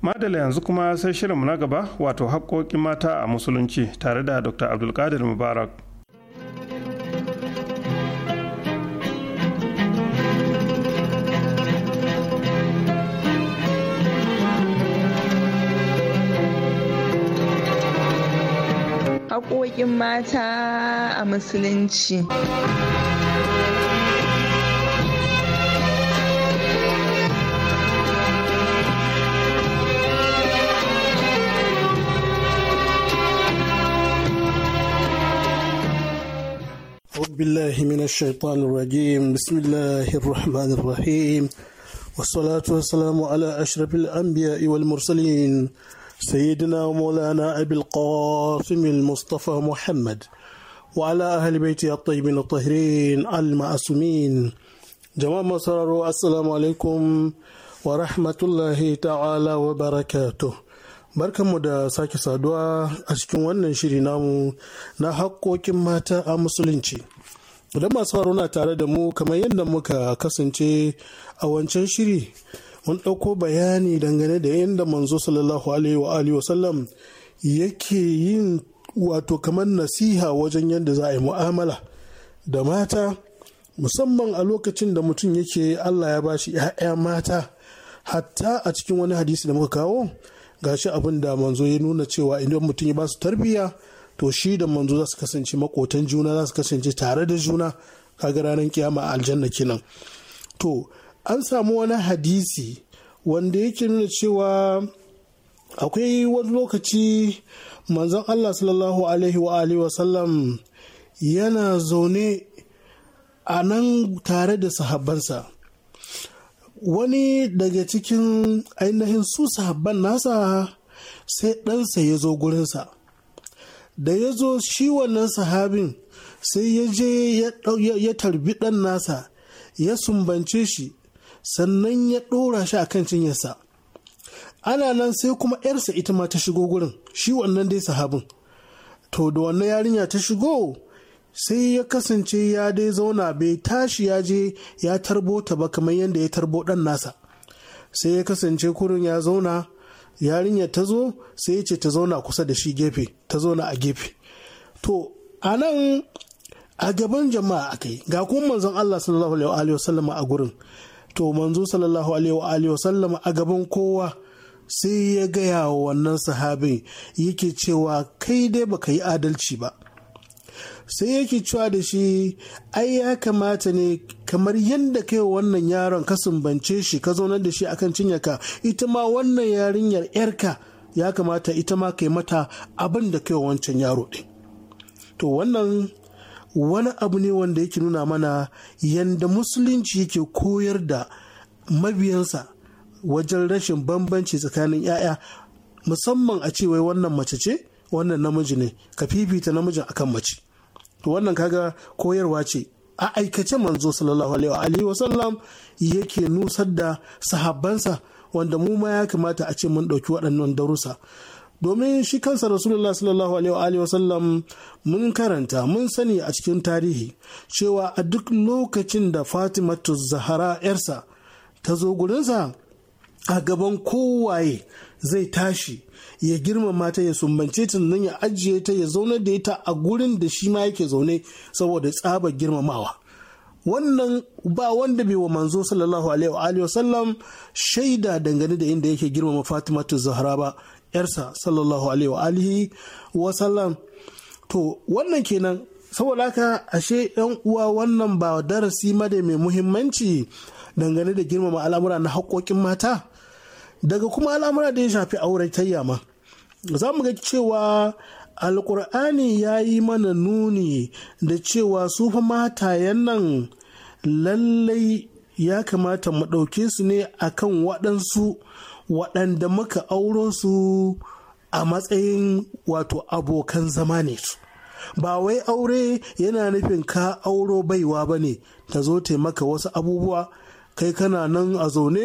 madala yanzu kuma sai shirinmu na gaba wato haƙƙoƙin mata a musulunci tare da dr abdulkadir mubarak haƙoƙin mata a musulunci بالله من الشيطان الرجيم بسم الله الرحمن الرحيم والصلاة والسلام على أشرف الأنبياء والمرسلين سيدنا مولانا أبي القاسم المصطفى محمد وعلى أهل بيته الطيبين الطاهرين المعصومين جماعة مسرار السلام عليكم ورحمة الله تعالى وبركاته Barkanmu da sake saduwa a cikin wannan shiri namu na haƙƙoƙin mata a musulunci. Idan masu na tare da mu kamar yadda muka kasance a wancan shiri mun ɗauko bayani dangane da yadda manzo sallallahu alaihi wa alihi wasallam yake yin wato kamar nasiha wajen yadda za a yi mu'amala da mata musamman a lokacin da mutum yake Allah ya bashi ‘ya'ya mata hatta a cikin wani hadisi da muka kawo gashi abin da manzo ya nuna cewa idan mutum ya ba su tarbiyya to shi da manzo za su kasance makotan juna za su kasance tare da juna kaga ranar kiyama a aljanna kenan to an samu wani hadisi wanda yake nuna cewa akwai wani lokaci manzon Allah sallallahu alaihi wa alihi wasallam yana zaune a nan tare da sahabbansa wani daga cikin ainihin su sahabban nasa sai ɗansa ya zo gurinsa da ya zo shi wannan sahabin sai ya je ya tarbi ɗan nasa ya sumbance shi sannan ya ɗora shi a kan cinyarsa ana nan sai kuma yarsa ita ma ta shigo gurin shi wannan dai sahabin to da wannan yarinya ta shigo sai ya kasance ya dai zauna bai tashi ya je ya tarbo ta ba kamar yadda ya tarbo ɗan nasa sai ya kasance kurin ya zauna yarinya ta zo sai ya ce ta zauna kusa da shi gefe ta zauna a gefe to a nan a gaban jama'a akai yi ga kuma manzon Allah sallallahu alaihi wasallama a gurin to manzo sallallahu alaihi wa sallam a gaban kowa sai ya gaya wa wannan sahabin yake cewa kai dai baka yi adalci ba sai yake cewa da shi ai ya kamata ne kamar yadda kai wannan yaron ka sumbance shi ka zaunar da shi akan cinyaka ita ma wannan yarinyar yarka ya kamata ita ma kai mata abin da kai wancan yaro ɗin to wannan wani abu ne wanda yake nuna mana yadda musulunci yake koyar da mabiyansa wajen rashin bambanci tsakanin 'ya'ya musamman a cewa wannan mace ce wannan namiji ne ka fifita namijin akan mace wannan kaga koyarwa ce a aikace manzo sallallahu alaihi wa sallam yake nusar da sahabbansa wanda mu ma ya kamata a ce mun ɗauki waɗannan darussa domin shi kansa rasulullah sallallahu alaihi wasallam mun karanta mun sani a cikin tarihi cewa a duk lokacin da fatimatu zahara yarsa ta zo gurinsa a gaban kowaye zai tashi ya girmama ta ya sumbance ta nan ya ajiye ta ya zaune da ita a gurin da shi ma yake zaune saboda tsabar girmamawa wannan ba wanda bai wa manzo sallallahu alaihi wa sallam shaida dangane da inda yake girmama Fatima zahara ba yarsa sallallahu alaihi wa alihi wa sallam to wannan kenan saboda haka ashe yan uwa wannan ba darasi made mai muhimmanci dangane da girmama al'amura na haƙoƙin mata daga kuma al'amura da ya shafi auratayya ma za mu ga cewa alkur'ani ya yi mana nuni da cewa su fa matayen nan lallai ya kamata mu ɗauke su ne akan waɗansu waɗanda muka auro su a matsayin wato abokan zama ne su ba wai aure yana nufin ka auro baiwa ba ne ta zo taimaka wasu abubuwa kai kana nan a zaune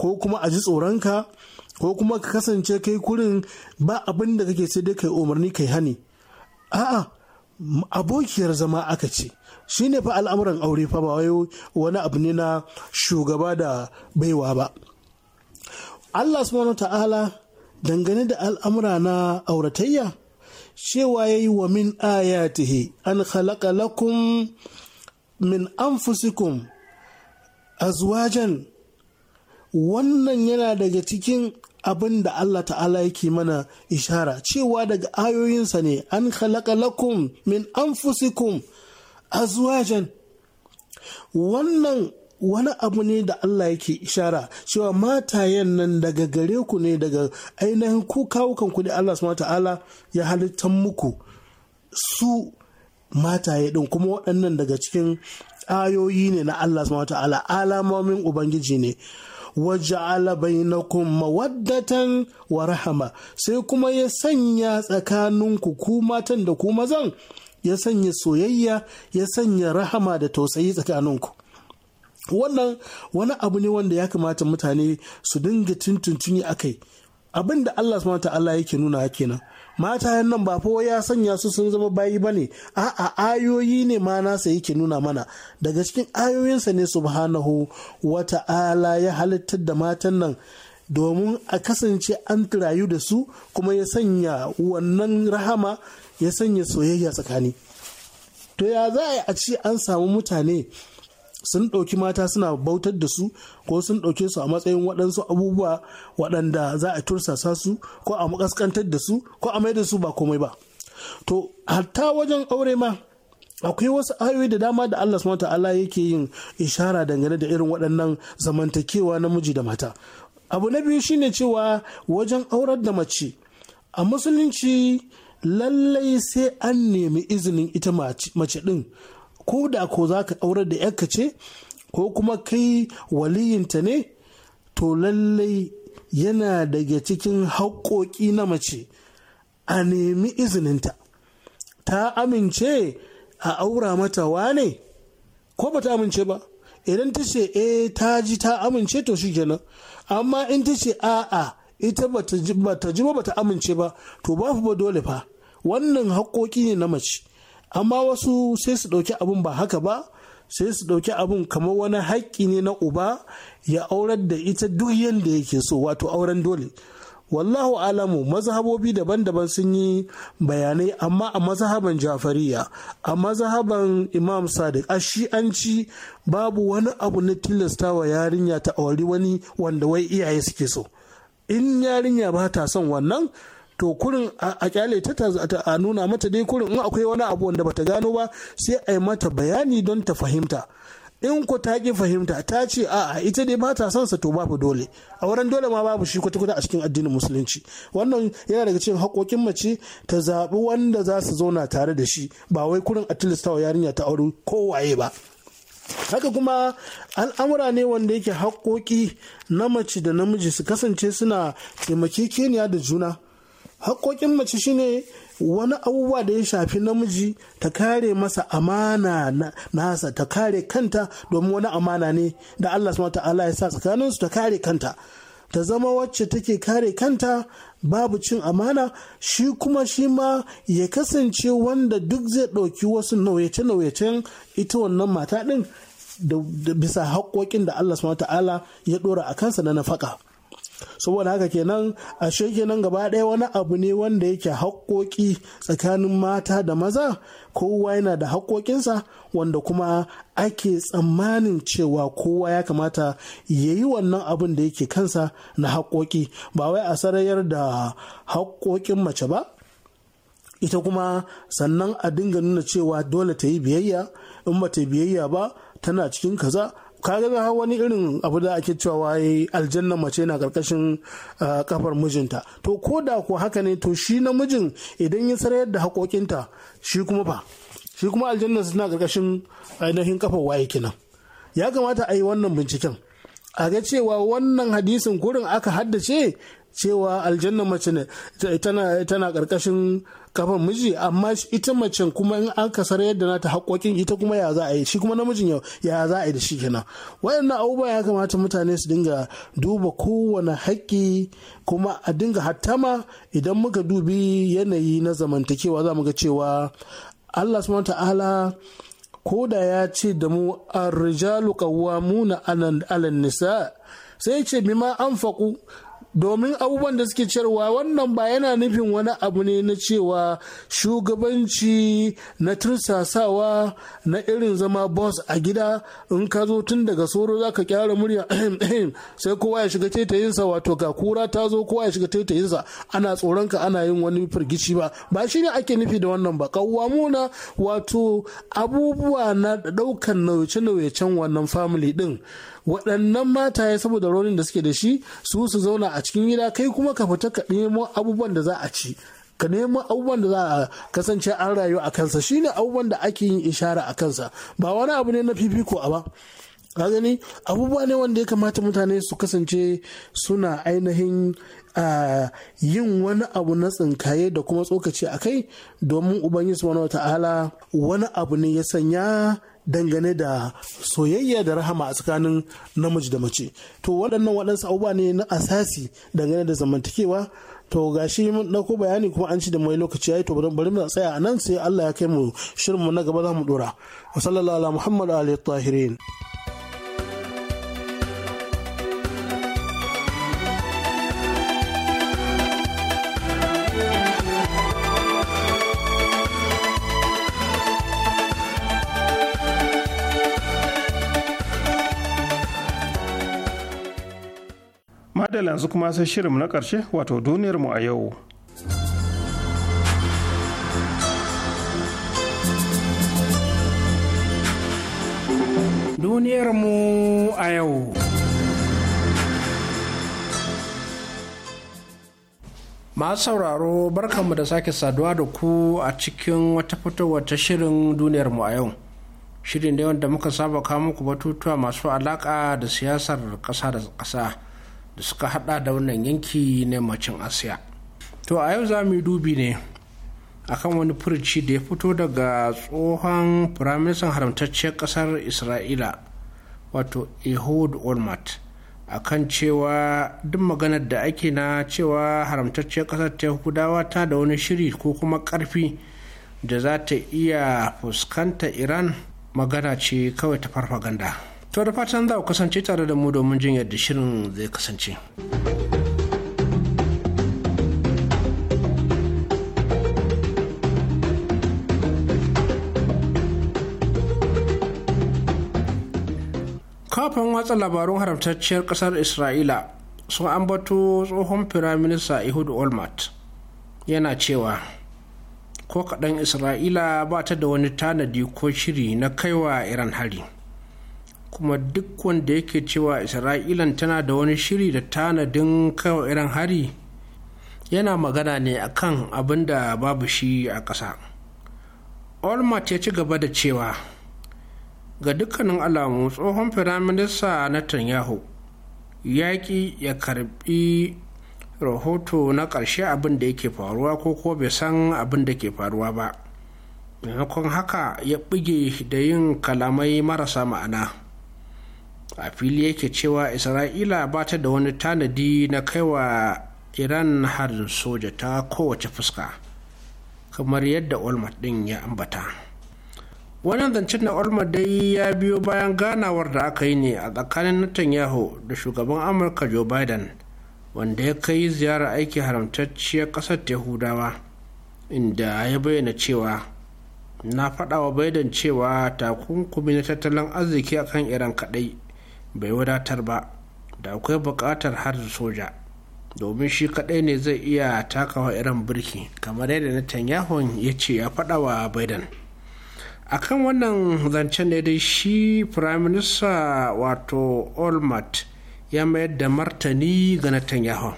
ko kuma a ji tsoronka ko kuma ka kasance kai kurin ba abin da kake sai dai kai umarni kai hani a'a abokiyar zama aka ce Shi ne fa al'amuran aure fa ba wani abu ne na shugaba da baiwa ba Allah subhanahu ta'ala dangane da al'amura na auratayya cewa ya yi wa min ayatihi an khalaqa lakum min anfusikum azwajan wannan yana daga cikin abin da Allah ta'ala yake mana ishara cewa daga ayoyinsa ne an halaka lakum min anfusikum azwajan wannan wani abu ne da Allah yake ishara cewa matayen nan daga gare ku ne daga ainihin ku kawukan kan kudi Allah su ta'ala ya halittar muku su mataye din kuma waɗannan daga cikin ayoyi ne na Allah su ta'ala alamomin ubangiji ne waja'ala bainakum mawaddatan wa rahama sai kuma ya sanya tsakaninku ku matan da ku mazan ya sanya soyayya ya sanya rahama da tausayi tsakaninku wannan wani abu ne wanda ya kamata mutane su dinga tuntuni a kai abin da Allah subhanahu ta'ala yake nuna kenan mata yan nan ba fa ya sanya su sun zama bayi bane a'a ayoyi ne ma nasa yake nuna mana daga cikin ayoyinsa ne subhanahu wata'ala ya halittar da matan nan domin a kasance an rayu da su kuma ya sanya wannan rahama ya sanya soyayya tsakani to ya za a ci an samu mutane sun ɗauki mata suna bautar da su ko sun ɗauke su a matsayin waɗansu abubuwa waɗanda za a tursasa su ko a makaskantar da su ko a maida su ba komai ba to hatta wajen aure ma akwai wasu ayoyi da dama da Allah subhanahu ta'ala yake yin ishara dangane da irin waɗannan zamantakewa na miji da mata abu na biyu shine cewa wajen aurar da mace a musulunci lallai sai an nemi izinin ita mace ɗin ko da ko za ka aure da yarka ce ko kuma kai waliyinta ne to lallai yana daga cikin haƙoƙi na mace a nemi izininta ta amince a aura mata wane ko ba ta amince ba idan ta ce e ta ji ta amince to shi kenan amma in ta ce a'a ita ba ta ji ba ba ta amince ba to ba fa dole fa wannan haƙoƙi ne na mace amma wasu sai su ɗauki abin ba haka ba sai su ɗauki abin kamar wani haƙƙi ne na uba ya aurar da ita duk yadda yake so wato auren dole wallahu alamu mazhabobi daban-daban sun yi bayanai amma a mazhaban jafariya a mazhaban imam sadiq a shi'anci babu wani abu na tilasta wa yarinya ta auri wani wanda wai iyaye suke so in yarinya ba ta son wannan to kurin a kyale ta a nuna mata dai kurin in akwai wani abu wanda bata gano ba sai a yi mata bayani don ta fahimta in ku ta ki fahimta ta ce a'a ita dai ba ta son sa to babu dole a wurin dole ma babu shi kwata-kwata a cikin addinin musulunci wannan yana daga cikin haƙoƙin mace ta zaɓi wanda za su zauna tare da shi ba wai kurin a tilasta wa yarinya ta aure kowaye ba haka kuma al'amura ne wanda yake haƙoƙi na mace da namiji su kasance suna taimakekeniya da juna haƙoƙin mace shine wani abubuwa da ya shafi namiji ta kare masa amana nasa ta kare kanta domin wani amana ne da Allah subhanahu ta'ala ya sa tsakaninsu ta kare kanta ta zama wacce take kare kanta babu cin amana shi kuma shi ma ya kasance wanda duk zai ɗauki wasu nauyace-nauyacen ita wannan mata ɗin da bisa haƙoƙin da Allah subhanahu ta'ala ya ɗora a kansa na nafaka saboda haka kenan ashe kenan gaba ɗaya wani abu ne wanda yake haƙoƙi tsakanin mata da maza kowa yana da haƙoƙinsa wanda kuma ake tsammanin cewa kowa ya kamata ya yi wannan abin da yake kansa na haƙoƙi ba wai a sarayar da haƙoƙin mace ba ita kuma sannan a dinga nuna cewa dole ta yi biyayya in ba ta biyayya ba tana cikin kaza kaga ga wani irin abu da ake cewa waye aljanna mace na karkashin uh, kafar mijinta to ko da ko haka ne to shi namijin idan ya sarayar da haƙoƙinta shi kuma ba shi kuma aljanna suna karkashin ainihin kafar waye kenan ya kamata a yi wannan binciken a ga cewa wannan hadisin gurin aka haddace cewa aljanna mace ne tana karkashin kafin miji amma ita macen kuma in an kasar yadda na ta haƙoƙin ita kuma ya za a yi shi kuma namijin ya za a yi da shi kenan waɗannan abubuwa ya kamata mutane su dinga duba kowane haƙƙi kuma a dinga hattama idan muka dubi yanayi na zamantakewa za mu ga cewa Allah subhanahu ta'ala ko da ya ce da mu arrijalu qawwamuna an nisa sai ce bima anfaqu domin abubuwan da suke cewa wannan ba yana nufin wani abu ne na cewa shugabanci na tursasawa na irin zama boss a gida in ka zo tun daga soro za ka kyara murya sai kowa ya shiga taitayinsa wato ga kura ta zo kowa ya shiga taitayinsa ana tsoron ka ana yin wani firgici ba ba shi ne ake nufi da wannan ba muna wato abubuwa na daukan nauyace-nauyacen wannan family din waɗannan mataye saboda ronin da suke da shi su su zauna a cikin gida kai kuma ka fita ka nemo abubuwan da za a ci ka nemo abubuwan da za a kasance an rayu a kansa shine abubuwan da ake yin ishara a kansa ba wani abu ne na fifiko a ba ka gani abubuwa ne wanda ya kamata mutane su kasance suna ainihin yin wani abu na tsinkaye da kuma tsokaci a kai domin ubangiji subhanahu wata'ala wani abu ne ya sanya dangane da soyayya da rahama a tsakanin namiji da mace to waɗannan waɗansu abubuwa ne na asasi dangane da zamantakewa to shi mun ɗauko bayani kuma an ci da mai lokaci yayi to bari mu tsaya a nan sai Allah ya kai mu shirin mu na gaba za mu dora wa ala muhammad alihi tahirin madalla yanzu kuma sai shirin na ƙarshe wato duniyarmu a yau. Duniyarmu a yau. Masu sauraro barkanmu da sake saduwa da ku a cikin wata fitowar ta shirin duniyarmu a yau. Shirin da wanda muka saba kawo muku batutuwa masu alaƙa da siyasar ƙasa da ƙasa. da suka hada da wannan yanki na yammacin asiya to a yau za mu yi dubi ne akan wani furci da ya fito daga tsohon firaministan haramtacciyar kasar isra'ila wato ehud olmert akan cewa duk maganar da ake na cewa haramtacciyar kasar ta yahudawa ta da wani shiri ko kuma karfi da za ta iya fuskanta iran magana ce kawai ta farfaganda. to da fatan za ku kasance tare da mu domin jin yadda shirin zai kasance kafin watsa labarun haramtacciyar ƙasar isra'ila sun ambato tsohon firaminista ehud olmert yana cewa ko kaɗan isra'ila ba ta da wani tanadi ko shiri na kaiwa iran hari kuma duk wanda yake cewa isra'ilan tana da wani shiri da tanadin kawai irin hari yana magana ne akan abin da babu shi a ƙasa olmert ya ci gaba da cewa ga dukkanin alamu tsohon firaminista na netanyahu yaƙi ya karbi rahoto na ƙarshe abin da yake faruwa ko ko bai san abin da ke faruwa ba maimakon haka ya ɓige da yin kalamai marasa ma'ana a fili yake cewa isra'ila ba ta da wani tanadi na kaiwa iran harin soja ta kowace fuska kamar yadda olmert din ya ambata wannan zancen na olmert dai ya biyo bayan ganawar da aka yi ne a tsakanin netanyahu da shugaban amurka joe biden wanda ya kai ziyara aiki haramtacciyar ƙasar yahudawa inda ya bayyana cewa na faɗa wa biden cewa takunkumi na tattalin arziki akan iran kaɗai bai wadatar ba da akwai buƙatar harin soja domin shi kaɗai ne zai iya takawa irin birki kamar yadda netanyahu ya ce ya faɗa wa biden akan wannan zancen ne dai shi firaminista wato olmert ya mayar da martani ga netanyahu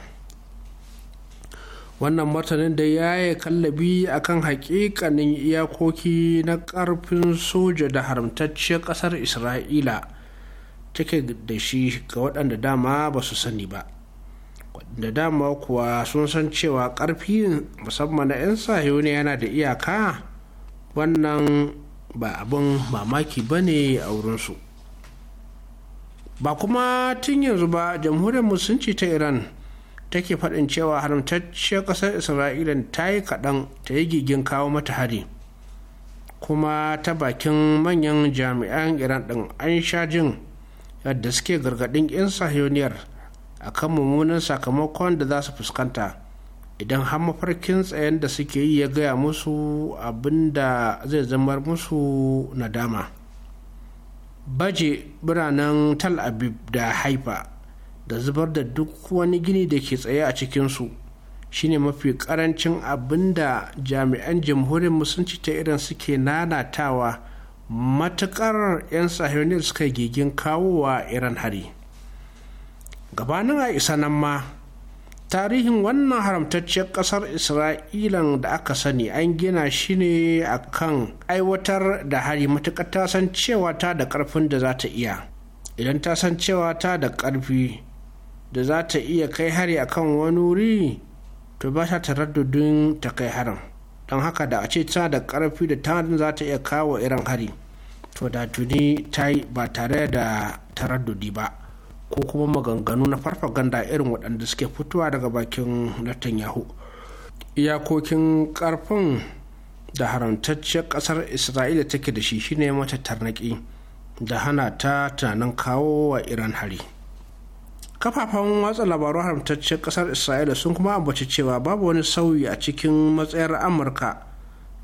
wannan martanin da ya yi kallabi akan hakikanin iyakoki na ƙarfin soja da haramtacciyar ƙasar isra'ila take da shi ga waɗanda dama ba su sani ba da dama kuwa sun san cewa ƙarfi musamman na 'yan ne yana da iyaka wannan ba abin mamaki ba ne a wurinsu ba kuma tun yanzu ba jamhuriyar musulunci ta iran take faɗin cewa haramtacciyar ƙasar isra'ila ta yi kaɗan ta yi gigin kawo mata hari kuma ta bakin manyan jami'an iran ɗin an sha jin yadda suke gargaɗin 'yan sahiyoniyar a kan mummunan sakamakon da za su fuskanta idan har mafarkin tsayen da suke yi ya gaya musu abin da zai zama musu nadama baje biranen tal abib da haifa da zubar da duk wani gini da ke tsaye a cikinsu shine mafi karancin abin da jami'an jamhuriyar musulunci ta irin suke nanatawa Matuƙar 'yan sahiyoniyar suka gigin kawowa iran hari gabanin a isa nan ma tarihin wannan haramtacciyar ƙasar isra'ilan da aka sani an gina shi ne a kan aiwatar da hari matuƙar ta san cewa ta da ƙarfin da za ta iya idan ta san cewa ta da ƙarfi da za ta iya kai hari akan wani wuri to ba ta taraddudin ta kai harin don haka da a ce ta da karfi da tarin za ta iya kawo irin hari to da tuni ta yi ba tare da taraddudi ba ko kuma maganganu na farfaganda irin waɗanda suke fitowa daga bakin Yahoo? iyakokin karfin da haramtacciyar ƙasar isra'ila take da shi shine mata tarnaki da hana ta tunanin kawo wa iran hari. kafafen watsa labaru haramtaccen kasar isra'ila sun kuma ambaci cewa babu wani sauyi a cikin matsayar amurka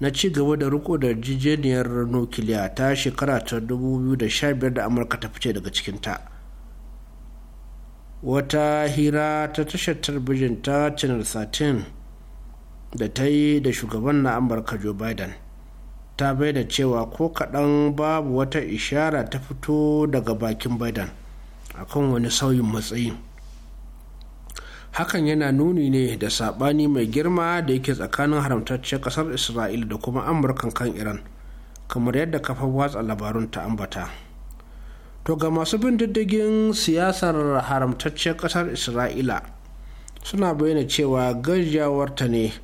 na ci gaba da riko da jijiyar nukiliya ta shekara ta 2015 da amurka ta fice daga cikinta wata hira ta tashar talabijin ta channel 13 da ta yi da shugaban na amurka joe biden ta bai da cewa ko kaɗan babu wata ishara ta fito daga bakin biden akan wani sauyin matsayi hakan yana nuni ne da saɓani mai girma da yake tsakanin haramtacciyar ƙasar isra'ila da kuma amurkan kan iran kamar yadda kafar watsa labarun ta ambata to ga masu bin diddigin siyasar haramtacciyar ƙasar isra'ila suna bayyana cewa ta ne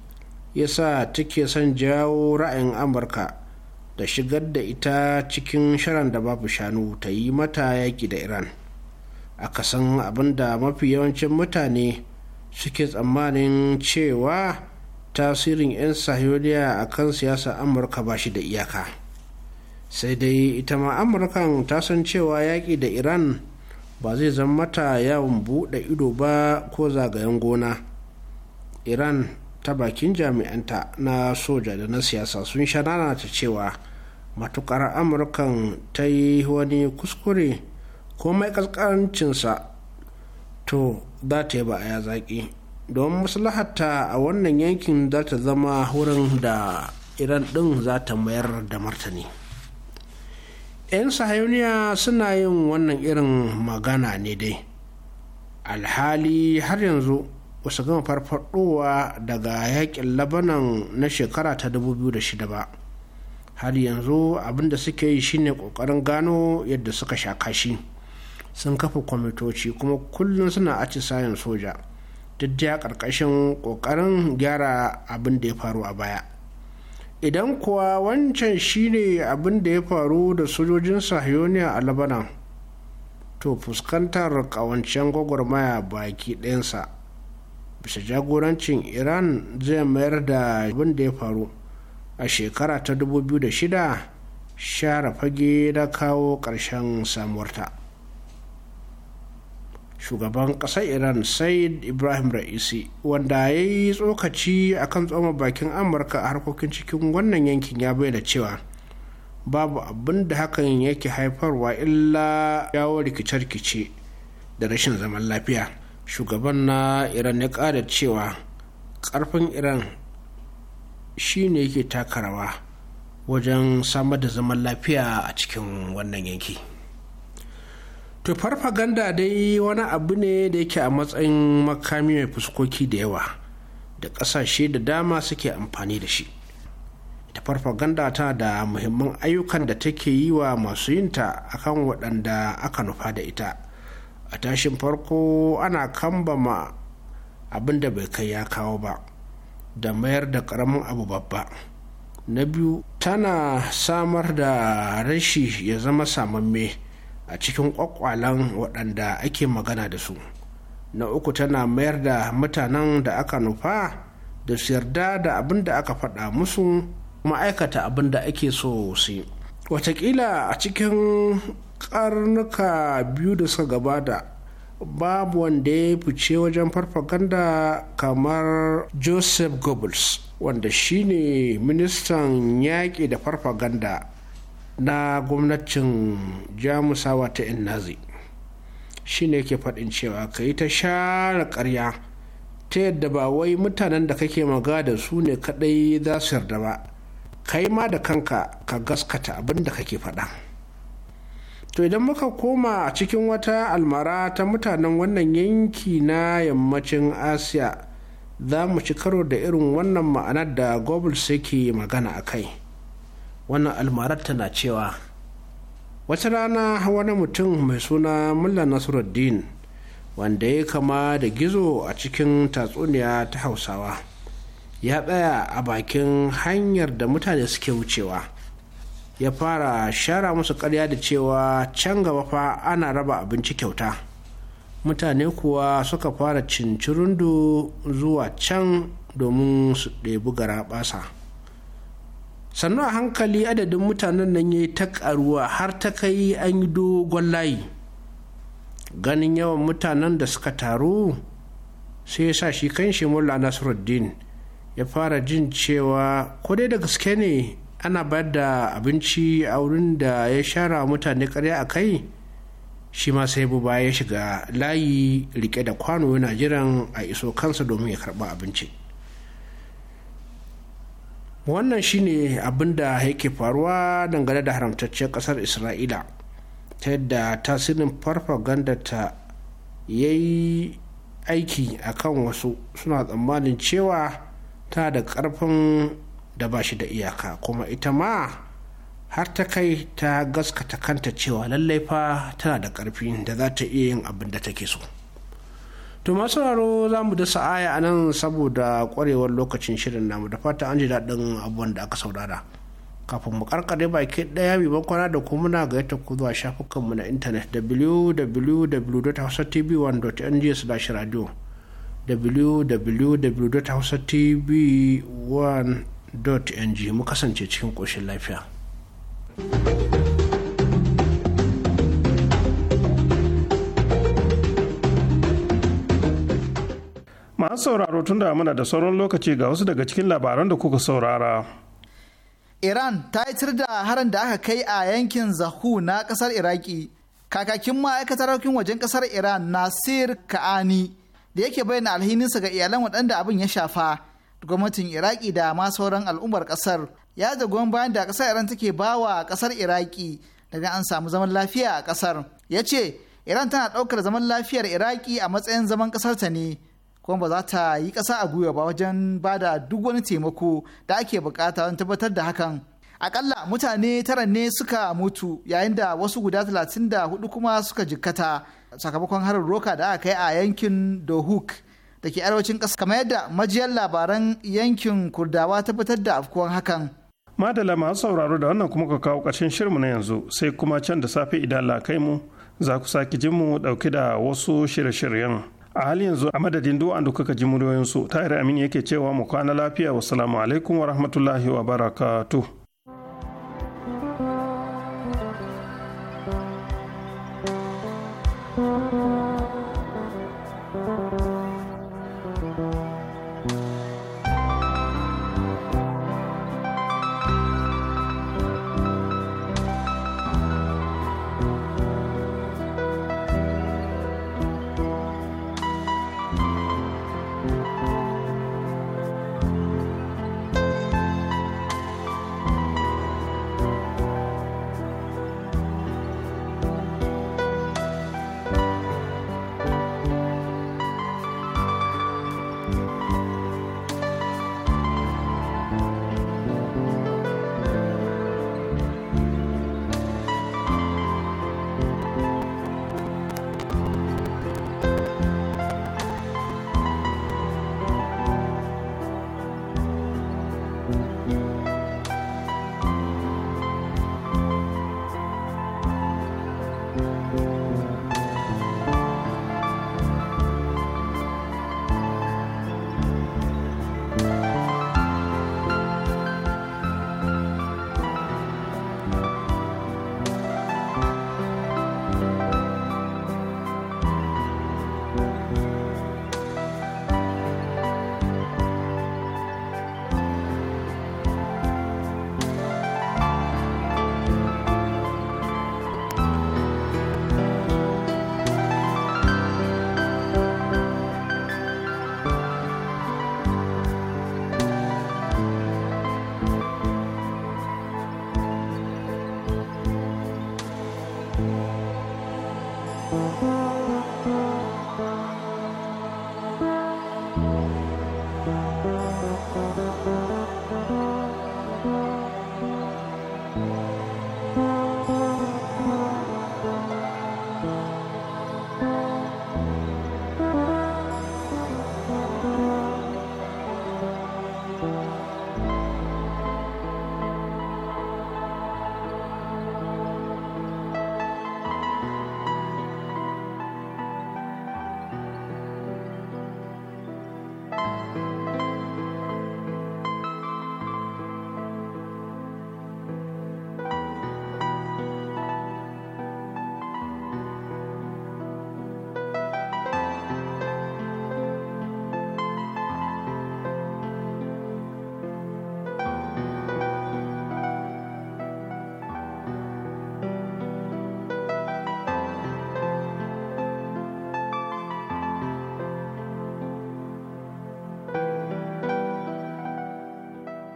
ya sa take son jawo ra'ayin amurka da shigar da ita cikin sharan da babu shanu ta yi mata yaƙi da iran a kasan abin da mafi yawancin mutane suke tsammanin cewa tasirin 'yan sahiyoliya a kan siyasar amurka ba shi da iyaka sai dai ita ma amurkan ta san cewa yaƙi da iran ba zai zama mata yawon buɗe ido ba ko zagayen gona iran ta bakin jami'anta na soja da na siyasa sun shanana ta cewa matukar amurkan ta yi wani kuskure komai ƙasƙancinsa to za ta yi ba a ya zaƙi don maslahata a wannan yankin za ta zama wurin da iran ɗin za ta mayar da martani 'yan sahayuniya suna yin wannan irin magana ne dai alhali har yanzu wasu gama farfadowa daga yakin labanan na shekara ta 2006 ba har yanzu abinda suke yi shine kokarin gano yadda suka sha kashi. sun kafa kwamitoci kuma kullum suna atisayen soja duk da ƙarƙashin ƙoƙarin gyara abin da ya faru a baya idan kuwa wancan shine abin da ya faru da sojojin sahiyoniya a labanan to fuskantar ƙawancen gwagwarmaya baki ɗayansa bisa jagorancin iran zai mayar da abin da ya faru a shekara ta 2006 share fage da kawo ƙarshen samuwarta. shugaban ƙasar iran said ibrahim ra'isi wanda ya yi tsokaci a kan tsoma bakin amurka a harkokin cikin wannan yankin ya bayyana cewa babu abin da hakan yake haifarwa illa yawo rikice-rikice da rashin zaman lafiya shugaban na iran ya ƙara cewa ƙarfin iran shi ne yake taka rawa wajen samar da zaman lafiya a cikin wannan yanki. to farfaganda dai wani abu ne da yake a matsayin makami mai fuskoki da yawa da ƙasashe da dama suke amfani da shi ta farfaganda ta da muhimman ayyukan da take yi wa masu yinta akan waɗanda aka nufa da ita a tashin farko ana kambama abin da bai kai ya kawo ba da mayar da ƙaramin abu babba na biyu tana samar da rashi ya zama samamme a cikin kwakwalan waɗanda ake magana da su na uku tana mayar da mutanen da aka nufa da su yarda da abin da aka faɗa musu kuma aikata abin da ake so su watakila a cikin karnuka biyu da suka gabata babu wanda ya fice wajen farfaganda kamar joseph goebbels wanda shine ministan yaƙi da farfaganda na gwamnatin jamusawa ta yan nazi shi ne ke faɗin cewa ka yi ta share ƙarya ta yadda ba wai mutanen da kake maga da su ne kaɗai za su yarda ba kai ma da kanka ka gaskata abin da kake faɗa to idan muka koma a cikin wata almara ta mutanen wannan yanki na yammacin asiya za mu ci karo da irin wannan ma'anar da gobul yake magana a kai wannan almarar tana cewa wata rana wani mutum mai suna mulla nasiruddin wanda ya kama da gizo a cikin tatsuniya ta hausawa ya tsaya a bakin hanyar da mutane suke wucewa ya fara shara musu karya da cewa can gaba fa ana raba abinci kyauta mutane kuwa suka fara cincirundu zuwa can domin su ɗebi gara basa. sannu a hankali adadin mutanen nan ya yi ta karuwa har ta kai an yi dogon layi ganin yawan mutanen da suka taru sai ya sa shi kan shi mulla nasiruddin ya fara jin cewa ko dai da gaske ne ana bayar da abinci a wurin da ya shara mutane karya a kai shi ma sai buba ya shiga layi rike da kwano yana jiran a iso kansa domin ya karba abinci. wannan shine abin da yake faruwa dangane da haramtacciyar kasar isra'ila ta yadda tasirin farfaganda ta ya yi aiki a kan wasu suna tsammanin cewa ta da karfin da ba shi da iyaka kuma ita ma har ta kai ta gaskata kanta cewa lallai fa tana da karfi da za ta iya yin abin da take so. To masu sauraro za mu da aya a nan saboda kwarewar lokacin shirin namu da fata an ji daɗin abubuwan da aka saurara. Kafin mu karkare baki ɗaya mai bankwana da kuma muna ga yata ku zuwa shafukanmu na intanet www.hausatv1.ng/radio www.hausatv1.ng mu kasance cikin ƙoshin lafiya. thank you masu sauraro tun da muna da sauran lokaci ga wasu daga cikin labaran da kuka saurara iran ta yi da harin da aka kai a yankin zahu na kasar iraki kakakin ma'aikatar harkokin wajen kasar iran nasir ka'ani da yake bayyana alhininsa ga iyalan waɗanda abin ya shafa gwamnatin iraki da ma sauran al'ummar kasar ya da bayan da kasar iran take bawa kasar iraki daga an samu zaman lafiya a kasar ya ce iran tana ɗaukar zaman lafiyar iraki a matsayin zaman kasarta ne kuma ba za ta yi kasa a gwiwa ba wajen ba da duk wani taimako da ake bukata don tabbatar da hakan akalla mutane tara ne suka mutu yayin da wasu guda talatin da hudu kuma suka jikkata sakamakon harin roka da aka kai a yankin dohuk da ke arewacin ƙasa kamar yadda majiyar labaran yankin kurdawa tabbatar da afkuwan hakan madala masu sauraro da wannan kuma ka kawo ƙarshen shirinmu na yanzu sai kuma can da safe idan la kai mu za ku sake jin mu ɗauki da wasu shirye-shiryen a hali yanzu a madadin duk wanda kuka ji muryoyinsu tahir amin yake cewa mu kwana lafiya wasalamu alaikum wa rahmatullahi wa barakatuh